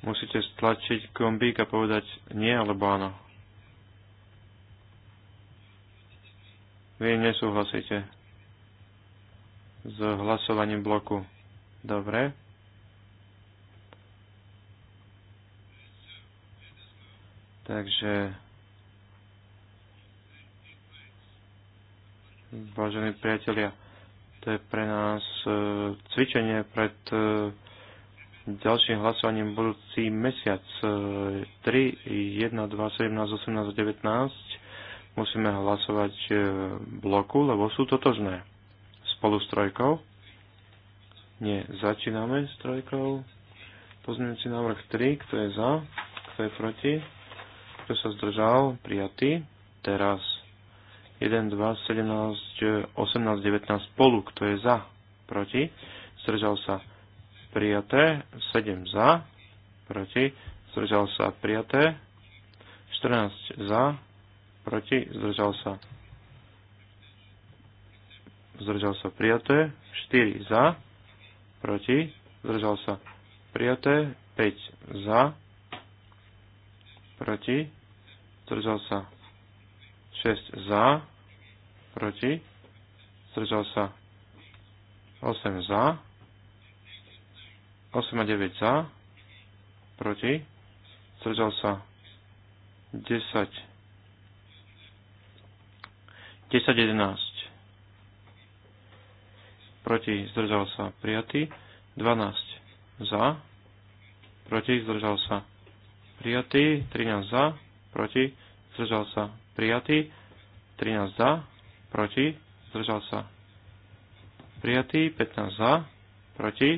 [SPEAKER 2] musíte stlačiť gombík a povedať nie alebo áno. Vy nesúhlasíte s hlasovaním bloku. Dobre. Takže vážení priatelia, to je pre nás e, cvičenie pred e, ďalším hlasovaním budúci mesiac. E, 3, 1, 2, 17, 18, 19 musíme hlasovať e, bloku, lebo sú totožné spolu s trojkou. Nie, začíname s trojkou. Pozmeňujúci návrh 3, kto je za, kto je proti, kto sa zdržal, prijatý. Teraz 1, 2, 17, 18, 19 spolu, kto je za, proti, zdržal sa, prijaté, 7 za, proti, zdržal sa, prijaté, 14 za, proti, zdržal sa, zdržal sa prijaté, 4 za, proti, zdržal sa prijaté, 5 za, proti, zdržal sa 6 za, proti, zdržal sa 8 za, 8 a 9 za, proti, zdržal sa 10, 10, 11, proti, zdržal sa, prijatý. 12 za, proti, zdržal sa, prijatý. 13 za, proti, zdržal sa, prijatý. 13 za, proti, zdržal sa, prijatý. 15 za, proti,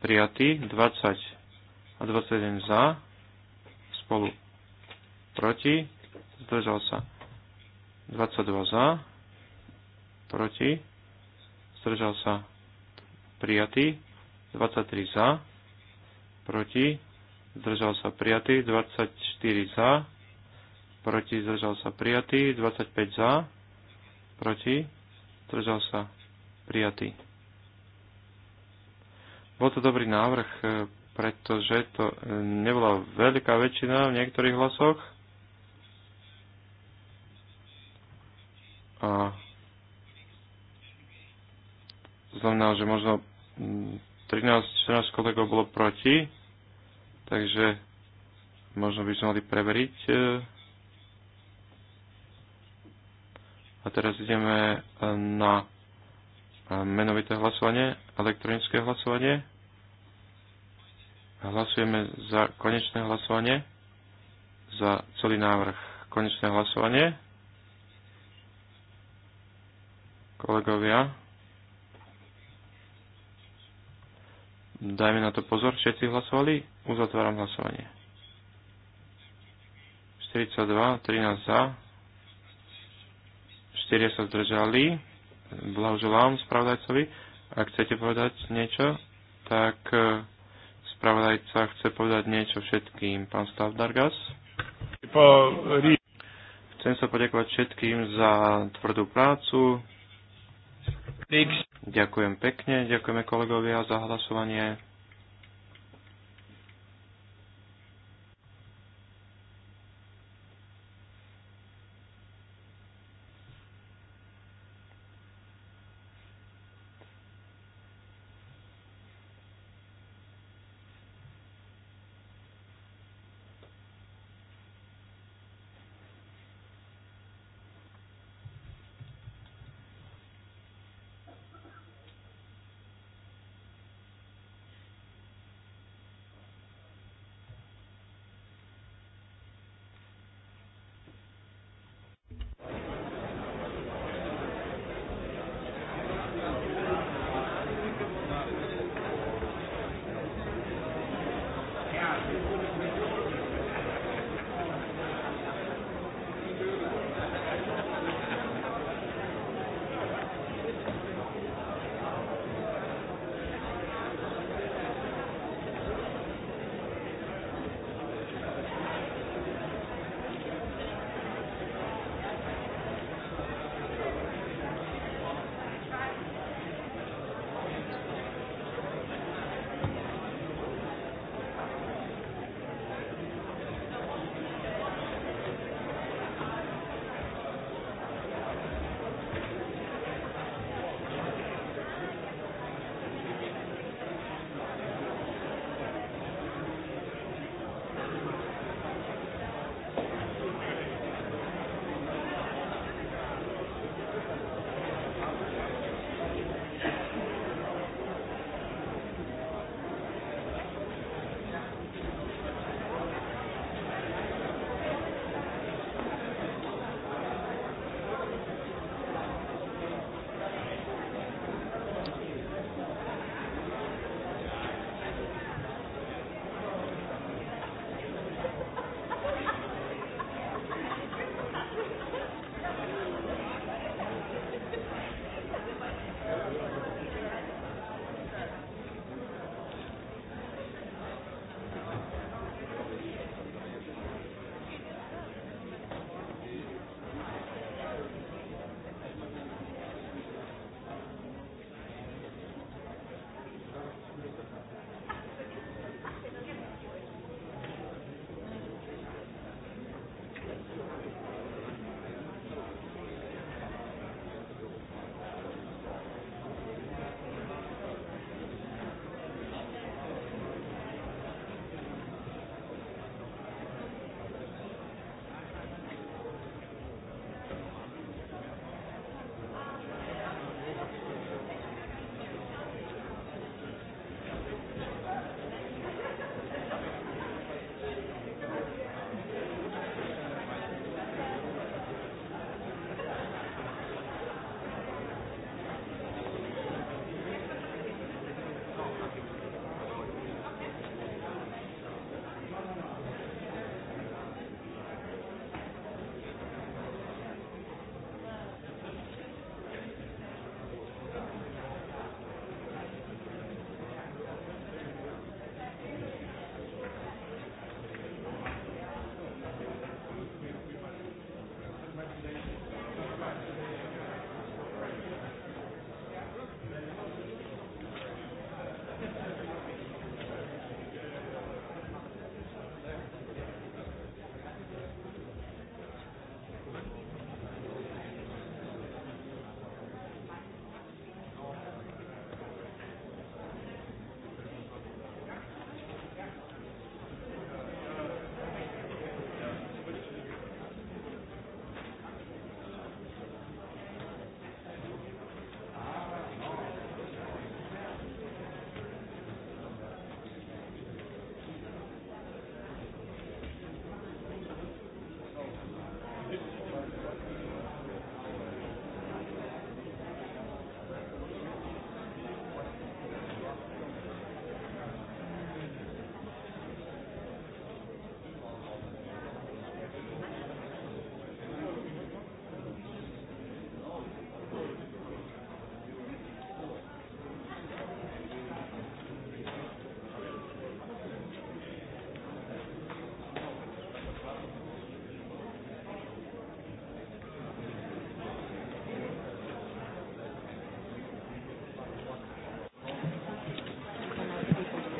[SPEAKER 2] prijatý. 20 a 21 za, spolu, proti, zdržal sa, 22 za, proti, zdržal sa prijatý, 23 za, proti, zdržal sa prijatý, 24 za, proti, zdržal sa prijatý, 25 za, proti, zdržal sa prijatý. Bol to dobrý návrh, e, pretože to e, nebola veľká väčšina v niektorých hlasoch. A znamená, že možno 13-14 mm, kolegov bolo proti, takže možno by sme mali preveriť. E, A teraz ideme e, na e, menovité hlasovanie, elektronické hlasovanie. Hlasujeme za konečné hlasovanie, za celý návrh konečné hlasovanie. Kolegovia, Dajme na to pozor, všetci hlasovali, uzatváram hlasovanie. 42, 13 za, 4 sa zdržali, blahoželám spravodajcovi. Ak chcete povedať niečo, tak e, spravodajca chce povedať niečo všetkým. Pán Stav Dargas. Chcem sa poďakovať všetkým za tvrdú prácu. Ďakujem pekne, ďakujeme kolegovia za hlasovanie.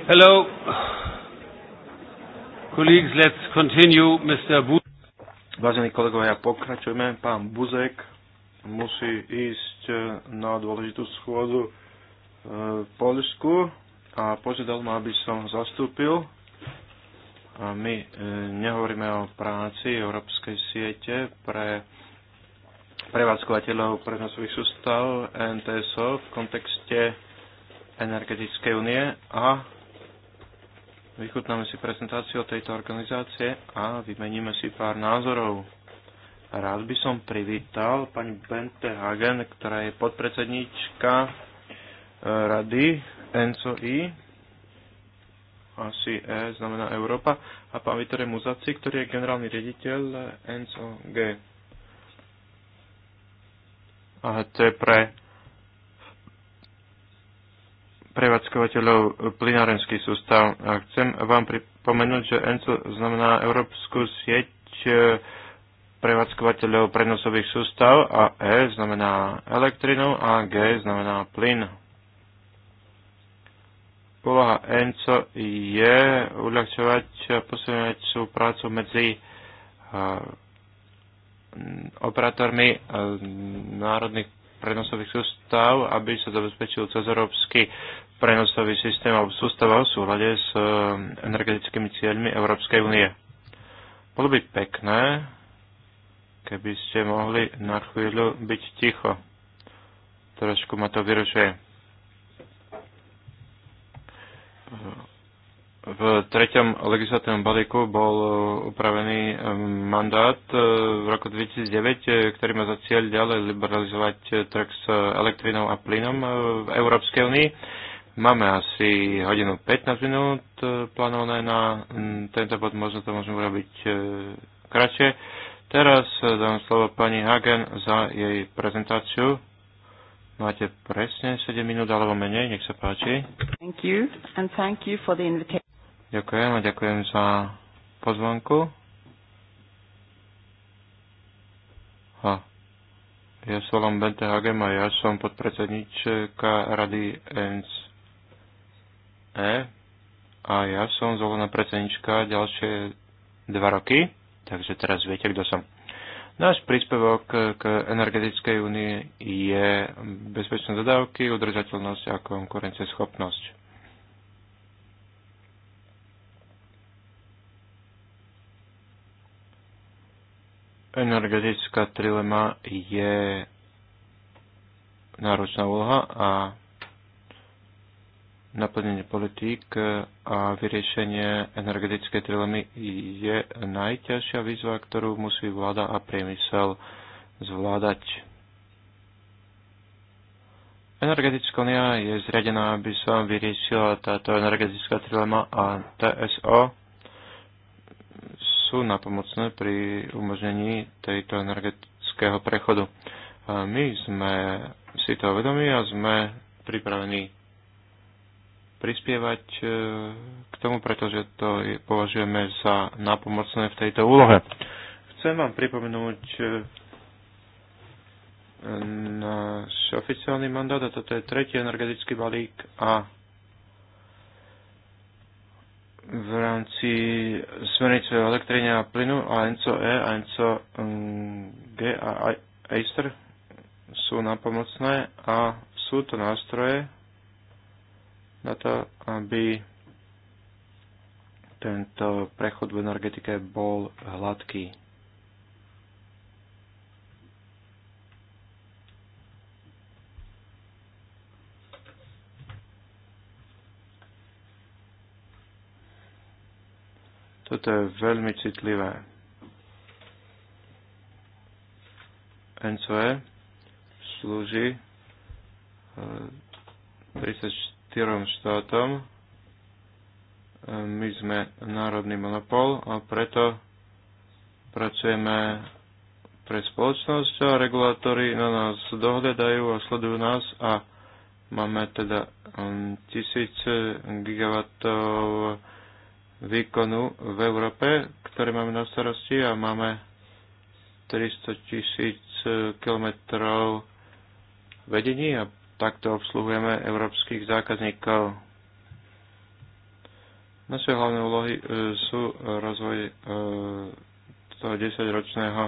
[SPEAKER 2] Hello. Colleagues, let's continue. Mr. Bu- Vážení kolegovia, pokračujeme. Pán Buzek musí ísť eh, na dôležitú schôdzu eh, v Polsku a požiadal ma, aby som zastúpil. A my eh, nehovoríme o práci Európskej siete pre prevádzkovateľov prednosových sústav NTSO v kontekste energetickej únie a Vychutnáme si prezentáciu tejto organizácie a vymeníme si pár názorov. Rád by som privítal pani Bente Hagen, ktorá je podpredsednička e, rady NCOI, asi E znamená Európa, a pán Vitore Muzaci, ktorý je generálny riaditeľ NCOG. A to je pre prevádzkovateľov plynárenských sústav. A chcem vám pripomenúť, že ENCO znamená Európsku sieť e, prevádzkovateľov prenosových sústav a E znamená elektrinu a G znamená plyn. Poloha ENCO je uľahčovať a posilňovať prácu medzi e, operátormi e, národných prenosových sústav, aby sa zabezpečil cez európsky prenosový systém alebo sústava v súhľade s e, energetickými cieľmi Európskej únie. Bolo by pekné, keby ste mohli na chvíľu byť ticho. Trošku ma to vyrušuje v treťom legislatívnom balíku bol e, upravený e, mandát e, v roku 2009, ktorý má za cieľ ďalej liberalizovať trh s elektrinou a plynom v Európskej únii. Máme asi hodinu 15 minút plánované na tento bod, možno to môžeme urobiť kratšie. Teraz dám slovo pani Hagen za jej prezentáciu. Máte presne 7 minút alebo menej, nech sa páči.
[SPEAKER 4] Thank you and thank you for the invitation.
[SPEAKER 2] Ďakujem a ďakujem za pozvanku. Ha. Ja som Bente Hagem a ja som podpredsedníčka Rady ENS E a ja som zvolená predsednička ďalšie dva roky, takže teraz viete, kto som. Náš príspevok k energetickej únii je bezpečné dodávky, udržateľnosť a konkurencieschopnosť. Energetická trilema je náročná úloha a naplnenie politík a vyriešenie energetickej trilemy je najťažšia výzva, ktorú musí vláda a priemysel zvládať. Energetická unia je zriadená, aby sa vyriešila táto energetická trilema a TSO sú napomocné pri umožnení tejto energetického prechodu. A my sme si to vedomi a sme pripravení prispievať e, k tomu, pretože to považujeme za napomocné v tejto úlohe. Chcem vám pripomenúť e, náš oficiálny mandát a toto je tretí energetický balík a v rámci smernice o elektrine a plynu a NCOE a NCOG mm, a Acer sú napomocné a sú to nástroje na to, aby tento prechod v energetike bol hladký. Toto je veľmi citlivé. NCE slúži 34 e, štátom. E, my sme národný monopol a preto pracujeme pre spoločnosť a regulátory na nás dohľadajú a sledujú nás a máme teda 1000 gigawattov výkonu v Európe, ktoré máme na starosti a máme 300 tisíc kilometrov vedení a takto obsluhujeme európskych zákazníkov. Naše hlavné úlohy e, sú rozvoj e, toho 10-ročného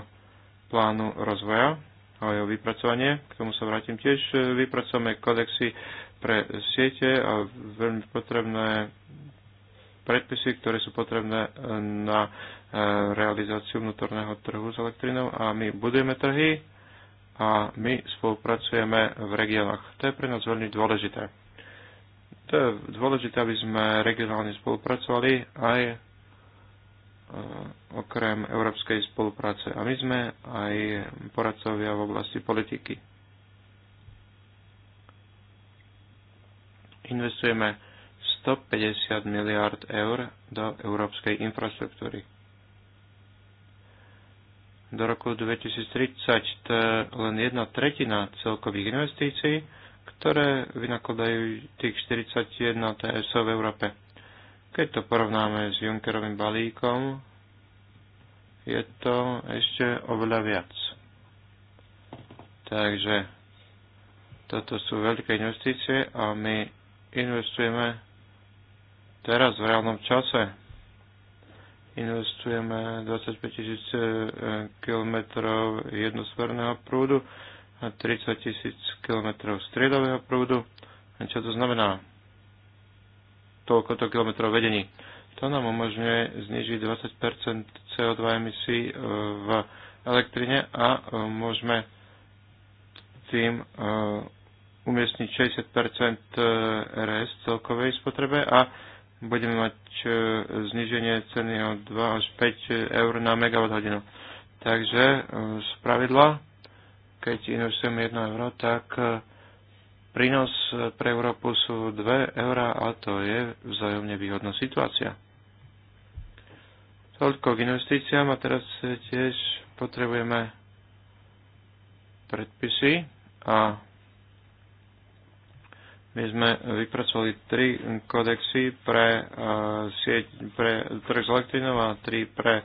[SPEAKER 2] plánu rozvoja a jeho vypracovanie. K tomu sa vrátim tiež. E, vypracujeme kodexy pre siete a veľmi potrebné predpisy, ktoré sú potrebné eh, na eh, realizáciu vnútorného trhu s elektrinou a my budujeme trhy a my spolupracujeme v regiónoch. To je pre nás veľmi dôležité. To je dôležité, aby sme regionálne spolupracovali aj eh, okrem európskej spolupráce. A my sme aj poradcovia v oblasti politiky. Investujeme 150 miliard eur do európskej infraštruktúry. Do roku 2030 to je len jedna tretina celkových investícií, ktoré vynakladajú tých 41 TSO v Európe. Keď to porovnáme s Junckerovým balíkom, je to ešte oveľa viac. Takže toto sú veľké investície a my investujeme teraz v reálnom čase investujeme 25 tisíc e, kilometrov jednosmerného prúdu a 30 tisíc kilometrov striedového prúdu. A čo to znamená? Toľkoto kilometrov vedení. To nám umožňuje znižiť 20 CO2 emisí e, v elektrine a e, môžeme tým umiestniť 60 RS celkovej spotrebe a budeme mať e, zniženie ceny o 2 až 5 eur na megawatt hodinu. Takže e, z pravidla, keď investujeme 1 euro, tak e, prínos pre Európu sú 2 eur a to je vzájomne výhodná situácia. Toľko k investíciám a teraz tiež potrebujeme predpisy a my sme vypracovali tri kodexy pre, eh, sieť, pre trh s elektrinou a tri pre eh,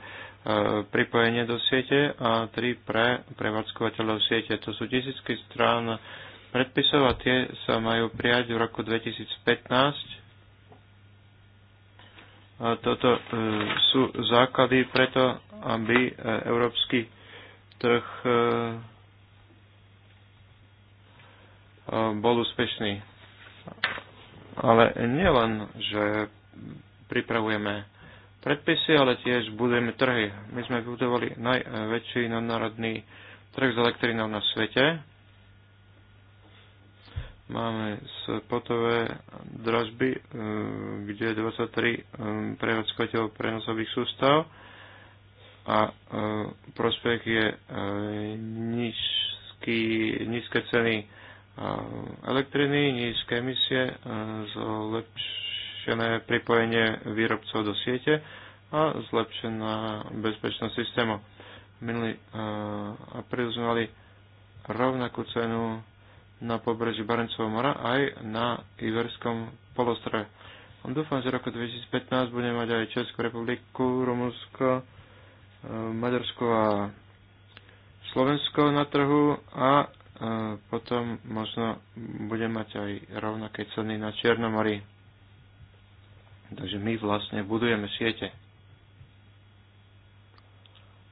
[SPEAKER 2] pripojenie do siete a tri pre prevádzkovateľov siete. To sú tisícky strán predpisov a tie sa majú prijať v roku 2015 toto eh, sú základy preto, aby európsky trh bol úspešný. Ale nielen, že pripravujeme predpisy, ale tiež budujeme trhy. My sme vybudovali najväčší nadnárodný trh s elektrínou na svete. Máme spotové dražby, eh, kde je eh, 23 prevádzkovateľov prenosových sústav a eh, prospech je nízky, nízke ceny elektriny, nízke emisie, zlepšené pripojenie výrobcov do siete a zlepšená bezpečnosť systému. Minulý apríl sme mali rovnakú cenu na pobreží Barencového mora aj na Iverskom polostrove. Dúfam, že roku 2015 budeme mať aj Českú republiku, Rumunsko, Maďarsko a Slovensko na trhu a potom možno bude mať aj rovnaké ceny na Černomori, Takže my vlastne budujeme siete.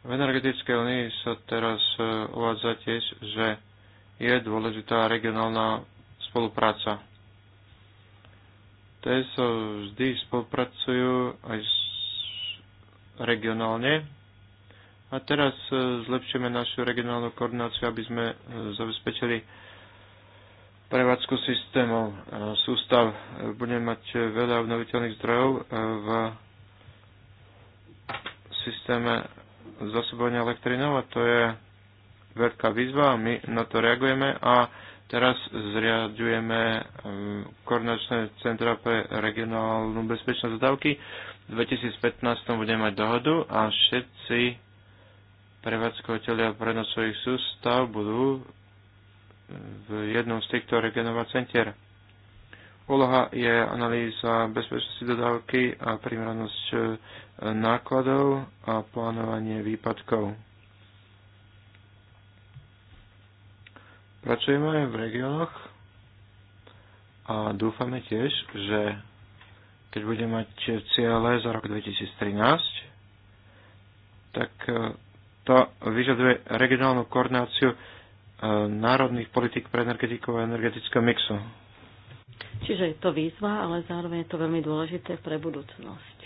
[SPEAKER 2] V energetickej únii sa teraz e, uvádza tiež, že je dôležitá regionálna spolupráca. Tie sa vždy spolupracujú aj regionálne, a teraz e, zlepšíme našu regionálnu koordináciu, aby sme e, zabezpečili prevádzku systémov e, sústav. Budeme mať veľa obnoviteľných zdrojov v systéme zasobovania elektrinov a to je veľká výzva a my na to reagujeme a teraz zriadujeme koordinačné centra pre regionálnu bezpečnosť dodávky. V 2015 budeme mať dohodu a všetci prevádzkovateľia prenosových sústav budú eh, v jednom z týchto regionových centier. Úloha je analýza bezpečnosti dodávky a primeranosť eh, nákladov a plánovanie výpadkov. Pracujeme v regiónoch a dúfame tiež, že keď budeme mať ciele za rok 2013, tak eh, to vyžaduje regionálnu koordináciu e, národných politik pre energetiku a energetického mixu.
[SPEAKER 3] Čiže je to výzva, ale zároveň je to veľmi dôležité pre budúcnosť.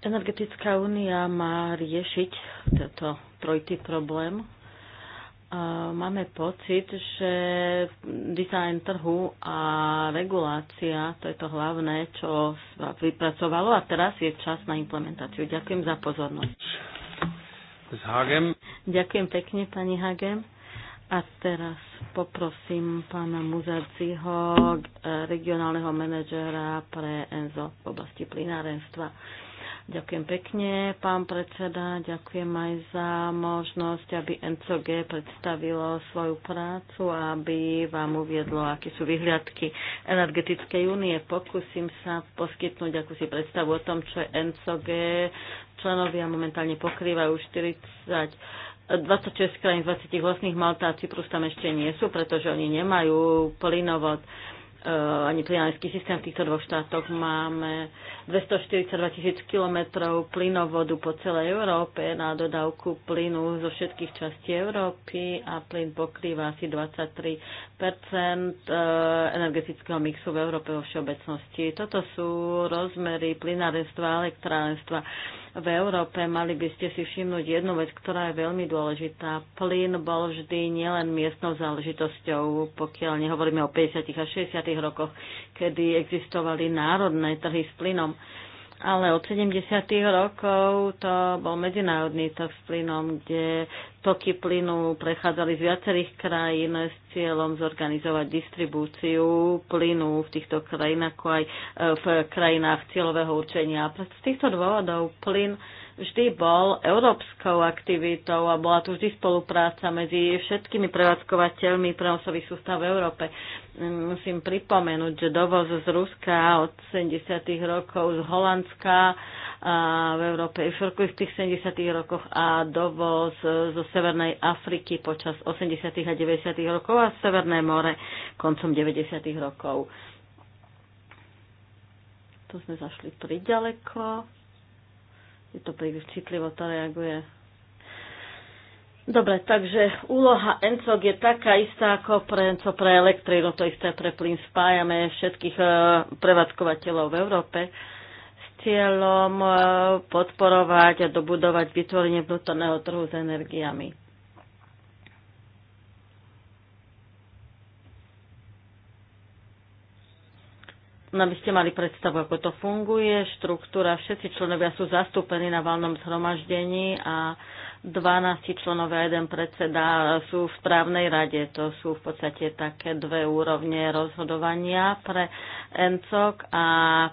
[SPEAKER 3] Energetická únia má riešiť tento trojitý problém máme pocit, že design trhu a regulácia, to je to hlavné, čo sa vypracovalo a teraz je čas na implementáciu. Ďakujem za pozornosť.
[SPEAKER 1] S Hagem.
[SPEAKER 3] Ďakujem pekne, pani Hagem. A teraz poprosím pána Muzarciho, regionálneho manažera pre ENZO v oblasti plinárenstva. Ďakujem pekne, pán predseda. Ďakujem aj za možnosť, aby NCG predstavilo svoju prácu a aby vám uviedlo, aké sú vyhliadky energetickej únie. Pokúsim sa poskytnúť akúsi predstavu o tom, čo je NCG. Členovia momentálne pokrývajú 40 26 krajín 28 Malta a Cyprus tam ešte nie sú, pretože oni nemajú plynovod e, ani plinánsky systém v týchto dvoch štátoch máme 242 tisíc kilometrov plynovodu po celej Európe na dodávku plynu zo všetkých častí Európy a plyn pokrýva asi 23 eh, energetického mixu v Európe vo všeobecnosti. Toto sú rozmery plynárenstva a elektrárenstva v Európe, mali by ste si všimnúť jednu vec, ktorá je veľmi dôležitá. Plyn bol vždy nielen miestnou záležitosťou, pokiaľ nehovoríme o 50. a 60. rokoch, kedy existovali národné trhy s plynom ale od 70. rokov to bol medzinárodný trh s plynom, kde toky plynu prechádzali z viacerých krajín s cieľom zorganizovať distribúciu plynu v týchto krajinách, ako aj e, v krajinách cieľového určenia. Z týchto dôvodov plyn vždy bol európskou aktivitou a bola tu vždy spolupráca medzi všetkými prevádzkovateľmi prenosových sústav v Európe. Musím pripomenúť, že dovoz z Ruska od 70. rokov, z Holandska a v Európe v tých 70. rokoch a dovoz zo Severnej Afriky počas 80. a 90. rokov a Severné more koncom 90. rokov. Tu sme zašli priďaleko. Je to príliš citlivo, to reaguje Dobre, takže úloha ENCOG je taká istá ako pre ENCO pre elektrínu, to isté pre plyn. Spájame všetkých uh, prevádzkovateľov v Európe s cieľom uh, podporovať a dobudovať vytvorenie vnútorného trhu s energiami. No, aby ste mali predstavu, ako to funguje, štruktúra, všetci členovia sú zastúpení na valnom zhromaždení a 12 členov a jeden predseda sú v správnej rade. To sú v podstate také dve úrovne rozhodovania pre ENCOK a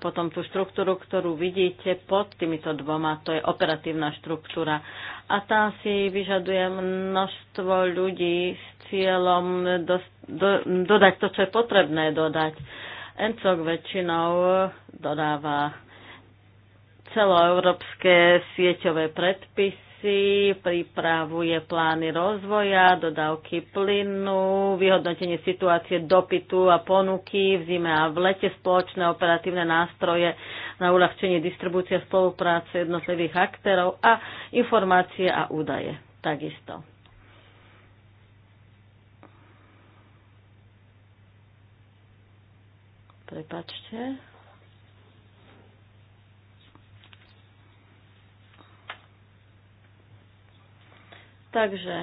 [SPEAKER 3] potom tú štruktúru, ktorú vidíte pod týmito dvoma, to je operatívna štruktúra. A tá si vyžaduje množstvo ľudí s cieľom do, do, dodať to, čo je potrebné dodať. ENCOK väčšinou dodáva celoeurópske sieťové predpisy, si pripravuje plány rozvoja, dodávky plynu, vyhodnotenie situácie dopytu a ponuky v zime a v lete spoločné operatívne nástroje na uľahčenie distribúcie spolupráce jednotlivých aktérov a informácie a údaje. Takisto. Prepačte. Takže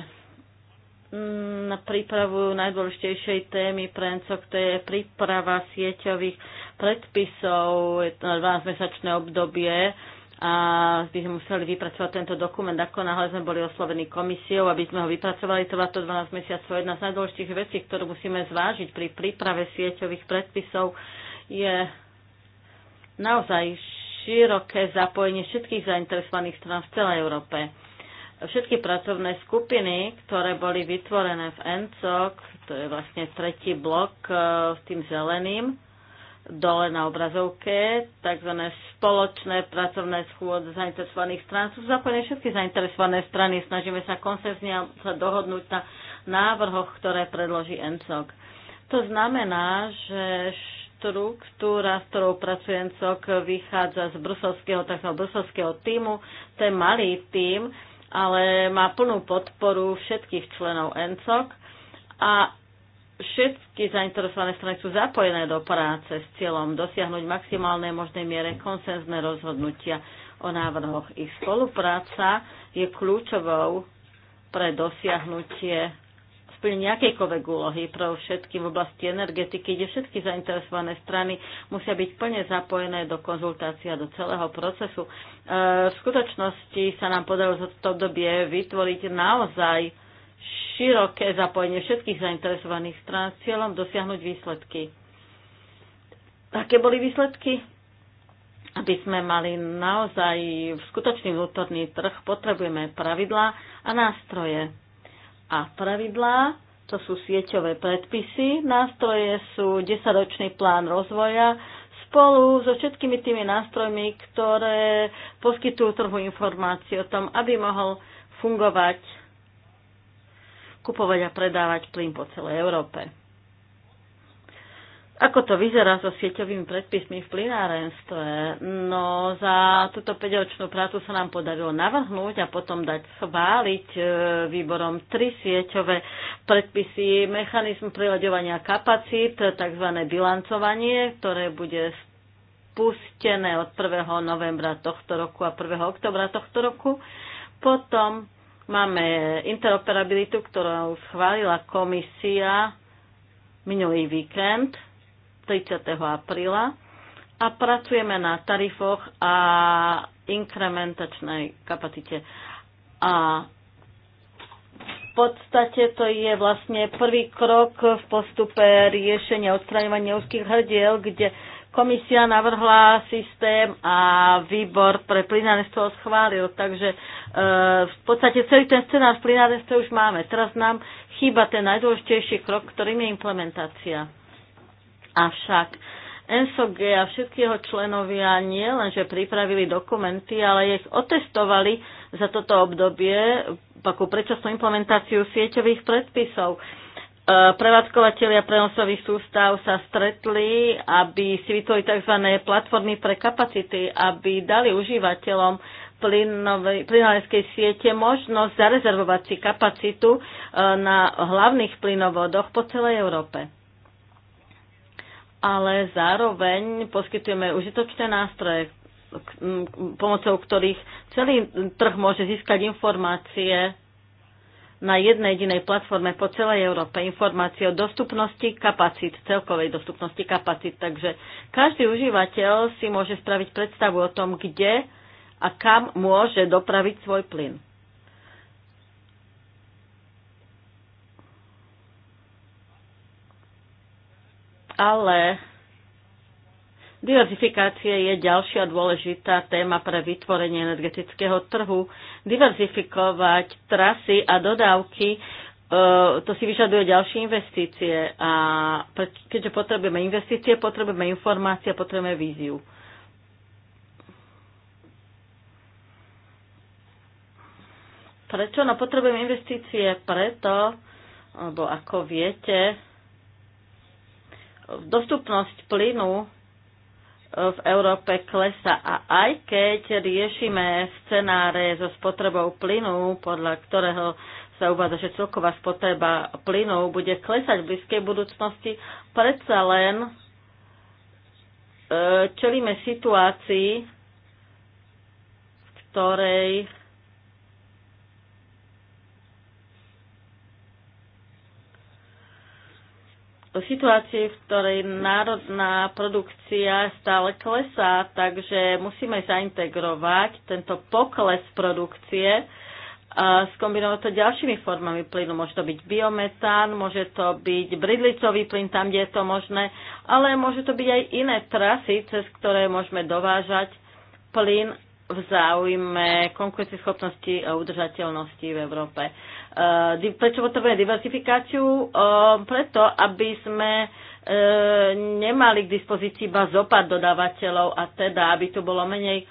[SPEAKER 3] mm, pripravujú najdôležitejšej témy pre ENCOK, to je príprava sieťových predpisov, je to na 12-mesačné obdobie a by sme museli vypracovať tento dokument, ako náhle sme boli oslovení komisiou, aby sme ho vypracovali, trvá to 12 mesiacov. Jedna z najdôležitých vecí, ktorú musíme zvážiť pri príprave sieťových predpisov, je naozaj široké zapojenie všetkých zainteresovaných strán v celej Európe všetky pracovné skupiny, ktoré boli vytvorené v ENCOK, to je vlastne tretí blok e, s tým zeleným, dole na obrazovke, tzv. spoločné pracovné schôdze zainteresovaných strán. Sú zapojené všetky zainteresované strany, snažíme sa konsenzne sa dohodnúť na návrhoch, ktoré predloží ENCOK. To znamená, že štruktúra, s ktorou pracuje ENCOK, vychádza z brusovského, takzvaného brusovského týmu. To je malý tým, ale má plnú podporu všetkých členov ENCOK a všetky zainteresované strany sú zapojené do práce s cieľom dosiahnuť maximálnej možnej miere konsenzné rozhodnutia o návrhoch. Ich spolupráca je kľúčovou pre dosiahnutie plnenie akejkoľvek úlohy pro všetky v oblasti energetiky, kde všetky zainteresované strany musia byť plne zapojené do konzultácia, do celého procesu. E, v skutočnosti sa nám podarilo za toto obdobie vytvoriť naozaj široké zapojenie všetkých zainteresovaných strán s cieľom dosiahnuť výsledky. Aké boli výsledky? aby sme mali naozaj skutočný vnútorný trh, potrebujeme pravidlá a nástroje a pravidlá, to sú sieťové predpisy, nástroje sú 10-ročný plán rozvoja spolu so všetkými tými nástrojmi, ktoré poskytujú trhu informácie o tom, aby mohol fungovať, kupovať a predávať plyn po celej Európe. Ako to vyzerá so sieťovými predpismi v plinárenstve? No, za túto 5-ročnú prácu sa nám podarilo navrhnúť a potom dať schváliť e, výborom tri sieťové predpisy, mechanizm prilaďovania kapacít, tzv. bilancovanie, ktoré bude spustené od 1. novembra tohto roku a 1. oktobra tohto roku. Potom máme interoperabilitu, ktorú schválila komisia minulý víkend 30. apríla a pracujeme na tarifoch a inkrementačnej kapacite. A v podstate to je vlastne prvý krok v postupe riešenia odstraňovania úzkých hrdiel, kde komisia navrhla systém a výbor pre plynárenstvo ho schválil. Takže e, v podstate celý ten scenár v plynárenstve už máme. Teraz nám chýba ten najdôležitejší krok, ktorým je implementácia. Avšak NSOG a všetky jeho členovia nie len, že pripravili dokumenty, ale ich otestovali za toto obdobie takú predčasnú implementáciu sieťových predpisov. E, prevádzkovateľia prenosových sústav sa stretli, aby si vytvorili tzv. platformy pre kapacity, aby dali užívateľom plynovej siete možnosť zarezervovať si kapacitu e, na hlavných plynovodoch po celej Európe ale zároveň poskytujeme užitočné nástroje, pomocou ktorých celý trh môže získať informácie na jednej jedinej platforme po celej Európe informácie o dostupnosti kapacít, celkovej dostupnosti kapacít. Takže každý užívateľ si môže spraviť predstavu o tom, kde a kam môže dopraviť svoj plyn. ale diverzifikácia je ďalšia dôležitá téma pre vytvorenie energetického trhu. Diverzifikovať trasy a dodávky e, to si vyžaduje ďalšie investície a keďže potrebujeme investície, potrebujeme informácie, potrebujeme víziu. Prečo? No potrebujeme investície preto, lebo ako viete, dostupnosť plynu e, v Európe klesa a aj keď riešime scenáre so spotrebou plynu, podľa ktorého sa uvádza, že celková spotreba plynu bude klesať v blízkej budúcnosti, predsa len e, čelíme situácii, v ktorej situácii, v ktorej národná produkcia stále klesá, takže musíme zaintegrovať tento pokles produkcie a skombinovať to ďalšími formami plynu. Môže to byť biometán, môže to byť bridlicový plyn tam, kde je to možné, ale môže to byť aj iné trasy, cez ktoré môžeme dovážať plyn v záujme konkurencie schopnosti a udržateľnosti v Európe. E, prečo potrebujeme diversifikáciu? E, preto, aby sme e, nemali k dispozícii iba zopad dodávateľov a teda, aby tu bolo menej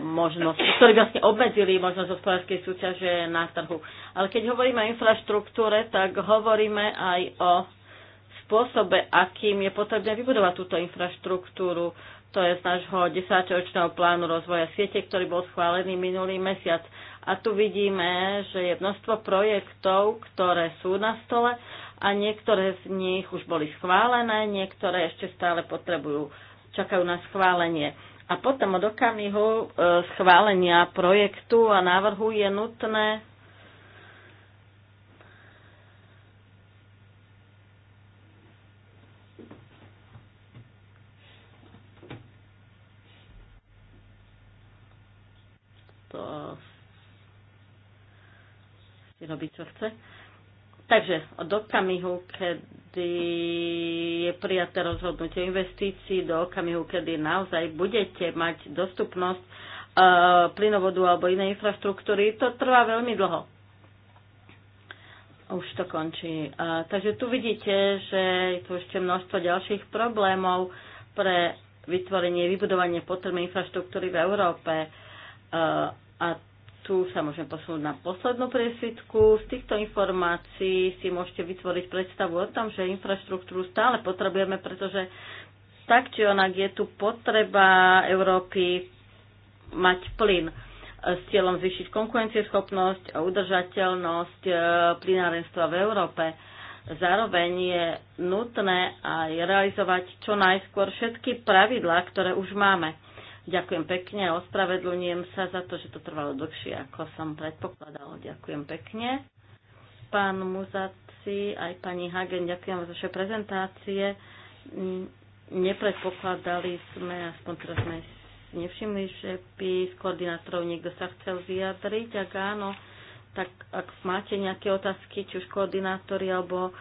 [SPEAKER 3] možnosť, ktorí vlastne obmedzili možnosť hospodárskej súťaže na trhu. Ale keď hovoríme o infraštruktúre, tak hovoríme aj o spôsobe, akým je potrebné vybudovať túto infraštruktúru to je z nášho 10-ročného plánu rozvoja siete, ktorý bol schválený minulý mesiac. A tu vidíme, že je množstvo projektov, ktoré sú na stole a niektoré z nich už boli schválené, niektoré ešte stále potrebujú, čakajú na schválenie. A potom od okamihu e, schválenia projektu a návrhu je nutné to si eh, robí, čo chce. Takže od okamihu, kedy je prijaté rozhodnutie investícií, do okamihu, kedy naozaj budete mať dostupnosť e, plynovodu alebo inej infraštruktúry, to trvá veľmi dlho. Už to končí. E, takže tu vidíte, že je tu ešte množstvo ďalších problémov pre vytvorenie, vybudovanie potrebnej infraštruktúry v Európe. E, a tu sa môžeme posunúť na poslednú presvitku. Z týchto informácií si môžete vytvoriť predstavu o tom, že infraštruktúru stále potrebujeme, pretože tak či onak je tu potreba Európy mať plyn s cieľom zvýšiť konkurencieschopnosť a udržateľnosť e, plynárenstva v Európe. Zároveň je nutné aj realizovať čo najskôr všetky pravidlá, ktoré už máme Ďakujem pekne a ospravedlňujem sa za to, že to trvalo dlhšie, ako som predpokladal. Ďakujem pekne. Pán Muzaci, aj pani Hagen, ďakujem za vaše prezentácie. Mm, nepredpokladali sme, aspoň teraz sme nevšimli, že by z koordinátorov niekto sa chcel vyjadriť. Ak áno, tak ak máte nejaké otázky, či už koordinátori alebo e,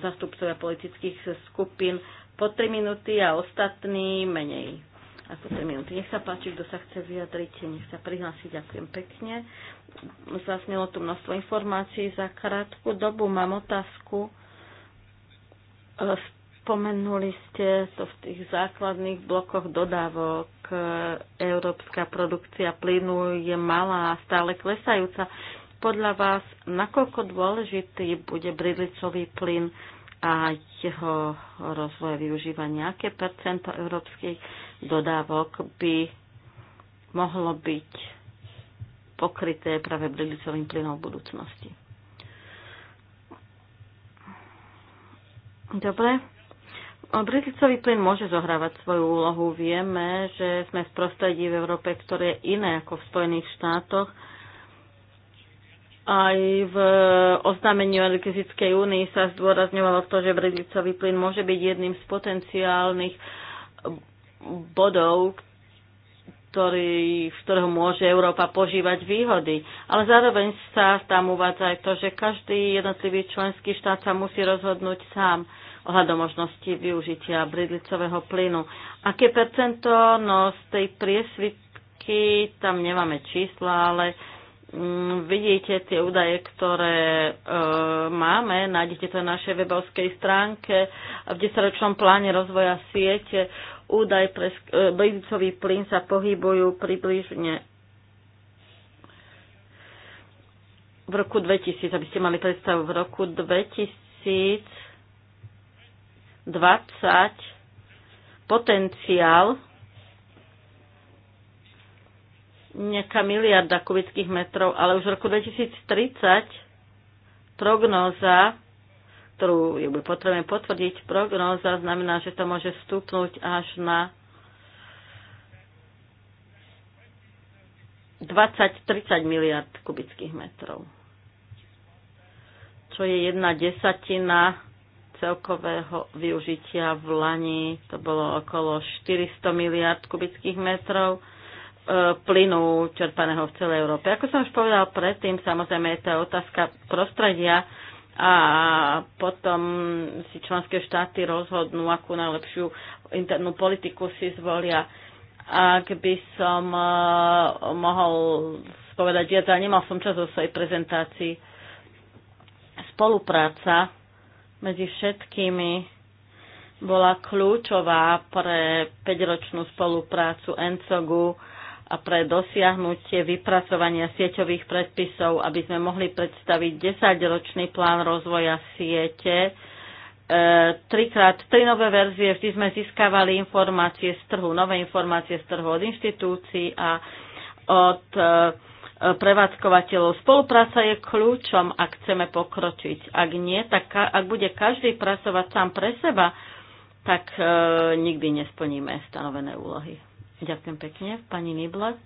[SPEAKER 3] zastupcovia politických skupín, po 3 minúty a ostatní menej ako 3 minúty. Nech sa páči, kto sa chce vyjadriť, nech sa prihlási. Ďakujem pekne. Zaznelo tu množstvo informácií. Za krátku dobu mám otázku. E, spomenuli ste to v tých základných blokoch dodávok. E, európska produkcia plynu je malá a stále klesajúca. Podľa vás, nakoľko dôležitý bude bridlicový plyn a jeho rozvoje využívania? Aké percento európskej dodávok by mohlo byť pokryté práve brilicovým plynom v budúcnosti. Dobre. No, Brilicový plyn môže zohrávať svoju úlohu. Vieme, že sme v prostredí v Európe, ktoré je iné ako v Spojených štátoch. Aj v oznámení o elektrickej únii sa zdôrazňovalo to, že bridlicový plyn môže byť jedným z potenciálnych bodov, ktorý, z ktorého môže Európa požívať výhody. Ale zároveň sa tam uvádza aj to, že každý jednotlivý členský štát sa musí rozhodnúť sám ohľadom možnosti využitia bridlicového plynu. Aké percento, no z tej priesvitky tam nemáme čísla, ale mm, vidíte tie údaje, ktoré e, máme, nájdete to na našej webovskej stránke v desaťročnom pláne rozvoja siete údaj pre e, bridlicový plyn sa pohybujú približne v roku 2000, aby ste mali predstavu, v roku 2020 potenciál nejaká miliarda kubických metrov, ale už v roku 2030 prognóza ktorú je potrebné potvrdiť, prognóza znamená, že to môže stúpnúť až na 20-30 miliard kubických metrov, čo je jedna desatina celkového využitia v Lani. To bolo okolo 400 miliard kubických metrov e, plynu čerpaného v celej Európe. Ako som už povedal predtým, samozrejme je to otázka prostredia, a potom si členské štáty rozhodnú, akú najlepšiu internú politiku si zvolia. Ak by som e, mohol spovedať, viac, ale nemal som čas o svojej prezentácii, spolupráca medzi všetkými bola kľúčová pre 5-ročnú spoluprácu ENCOGu a pre dosiahnutie vypracovania sieťových predpisov, aby sme mohli predstaviť 10-ročný plán rozvoja siete. E, trikrát, tri nové verzie, vždy sme získavali informácie z trhu, nové informácie z trhu od inštitúcií a od e, prevádzkovateľov. Spolupráca je kľúčom, ak chceme pokročiť. Ak nie, tak ka, ak bude každý pracovať sám pre seba, tak e, nikdy nesplníme stanovené úlohy. Ďakujem pekne. Pani Nibla.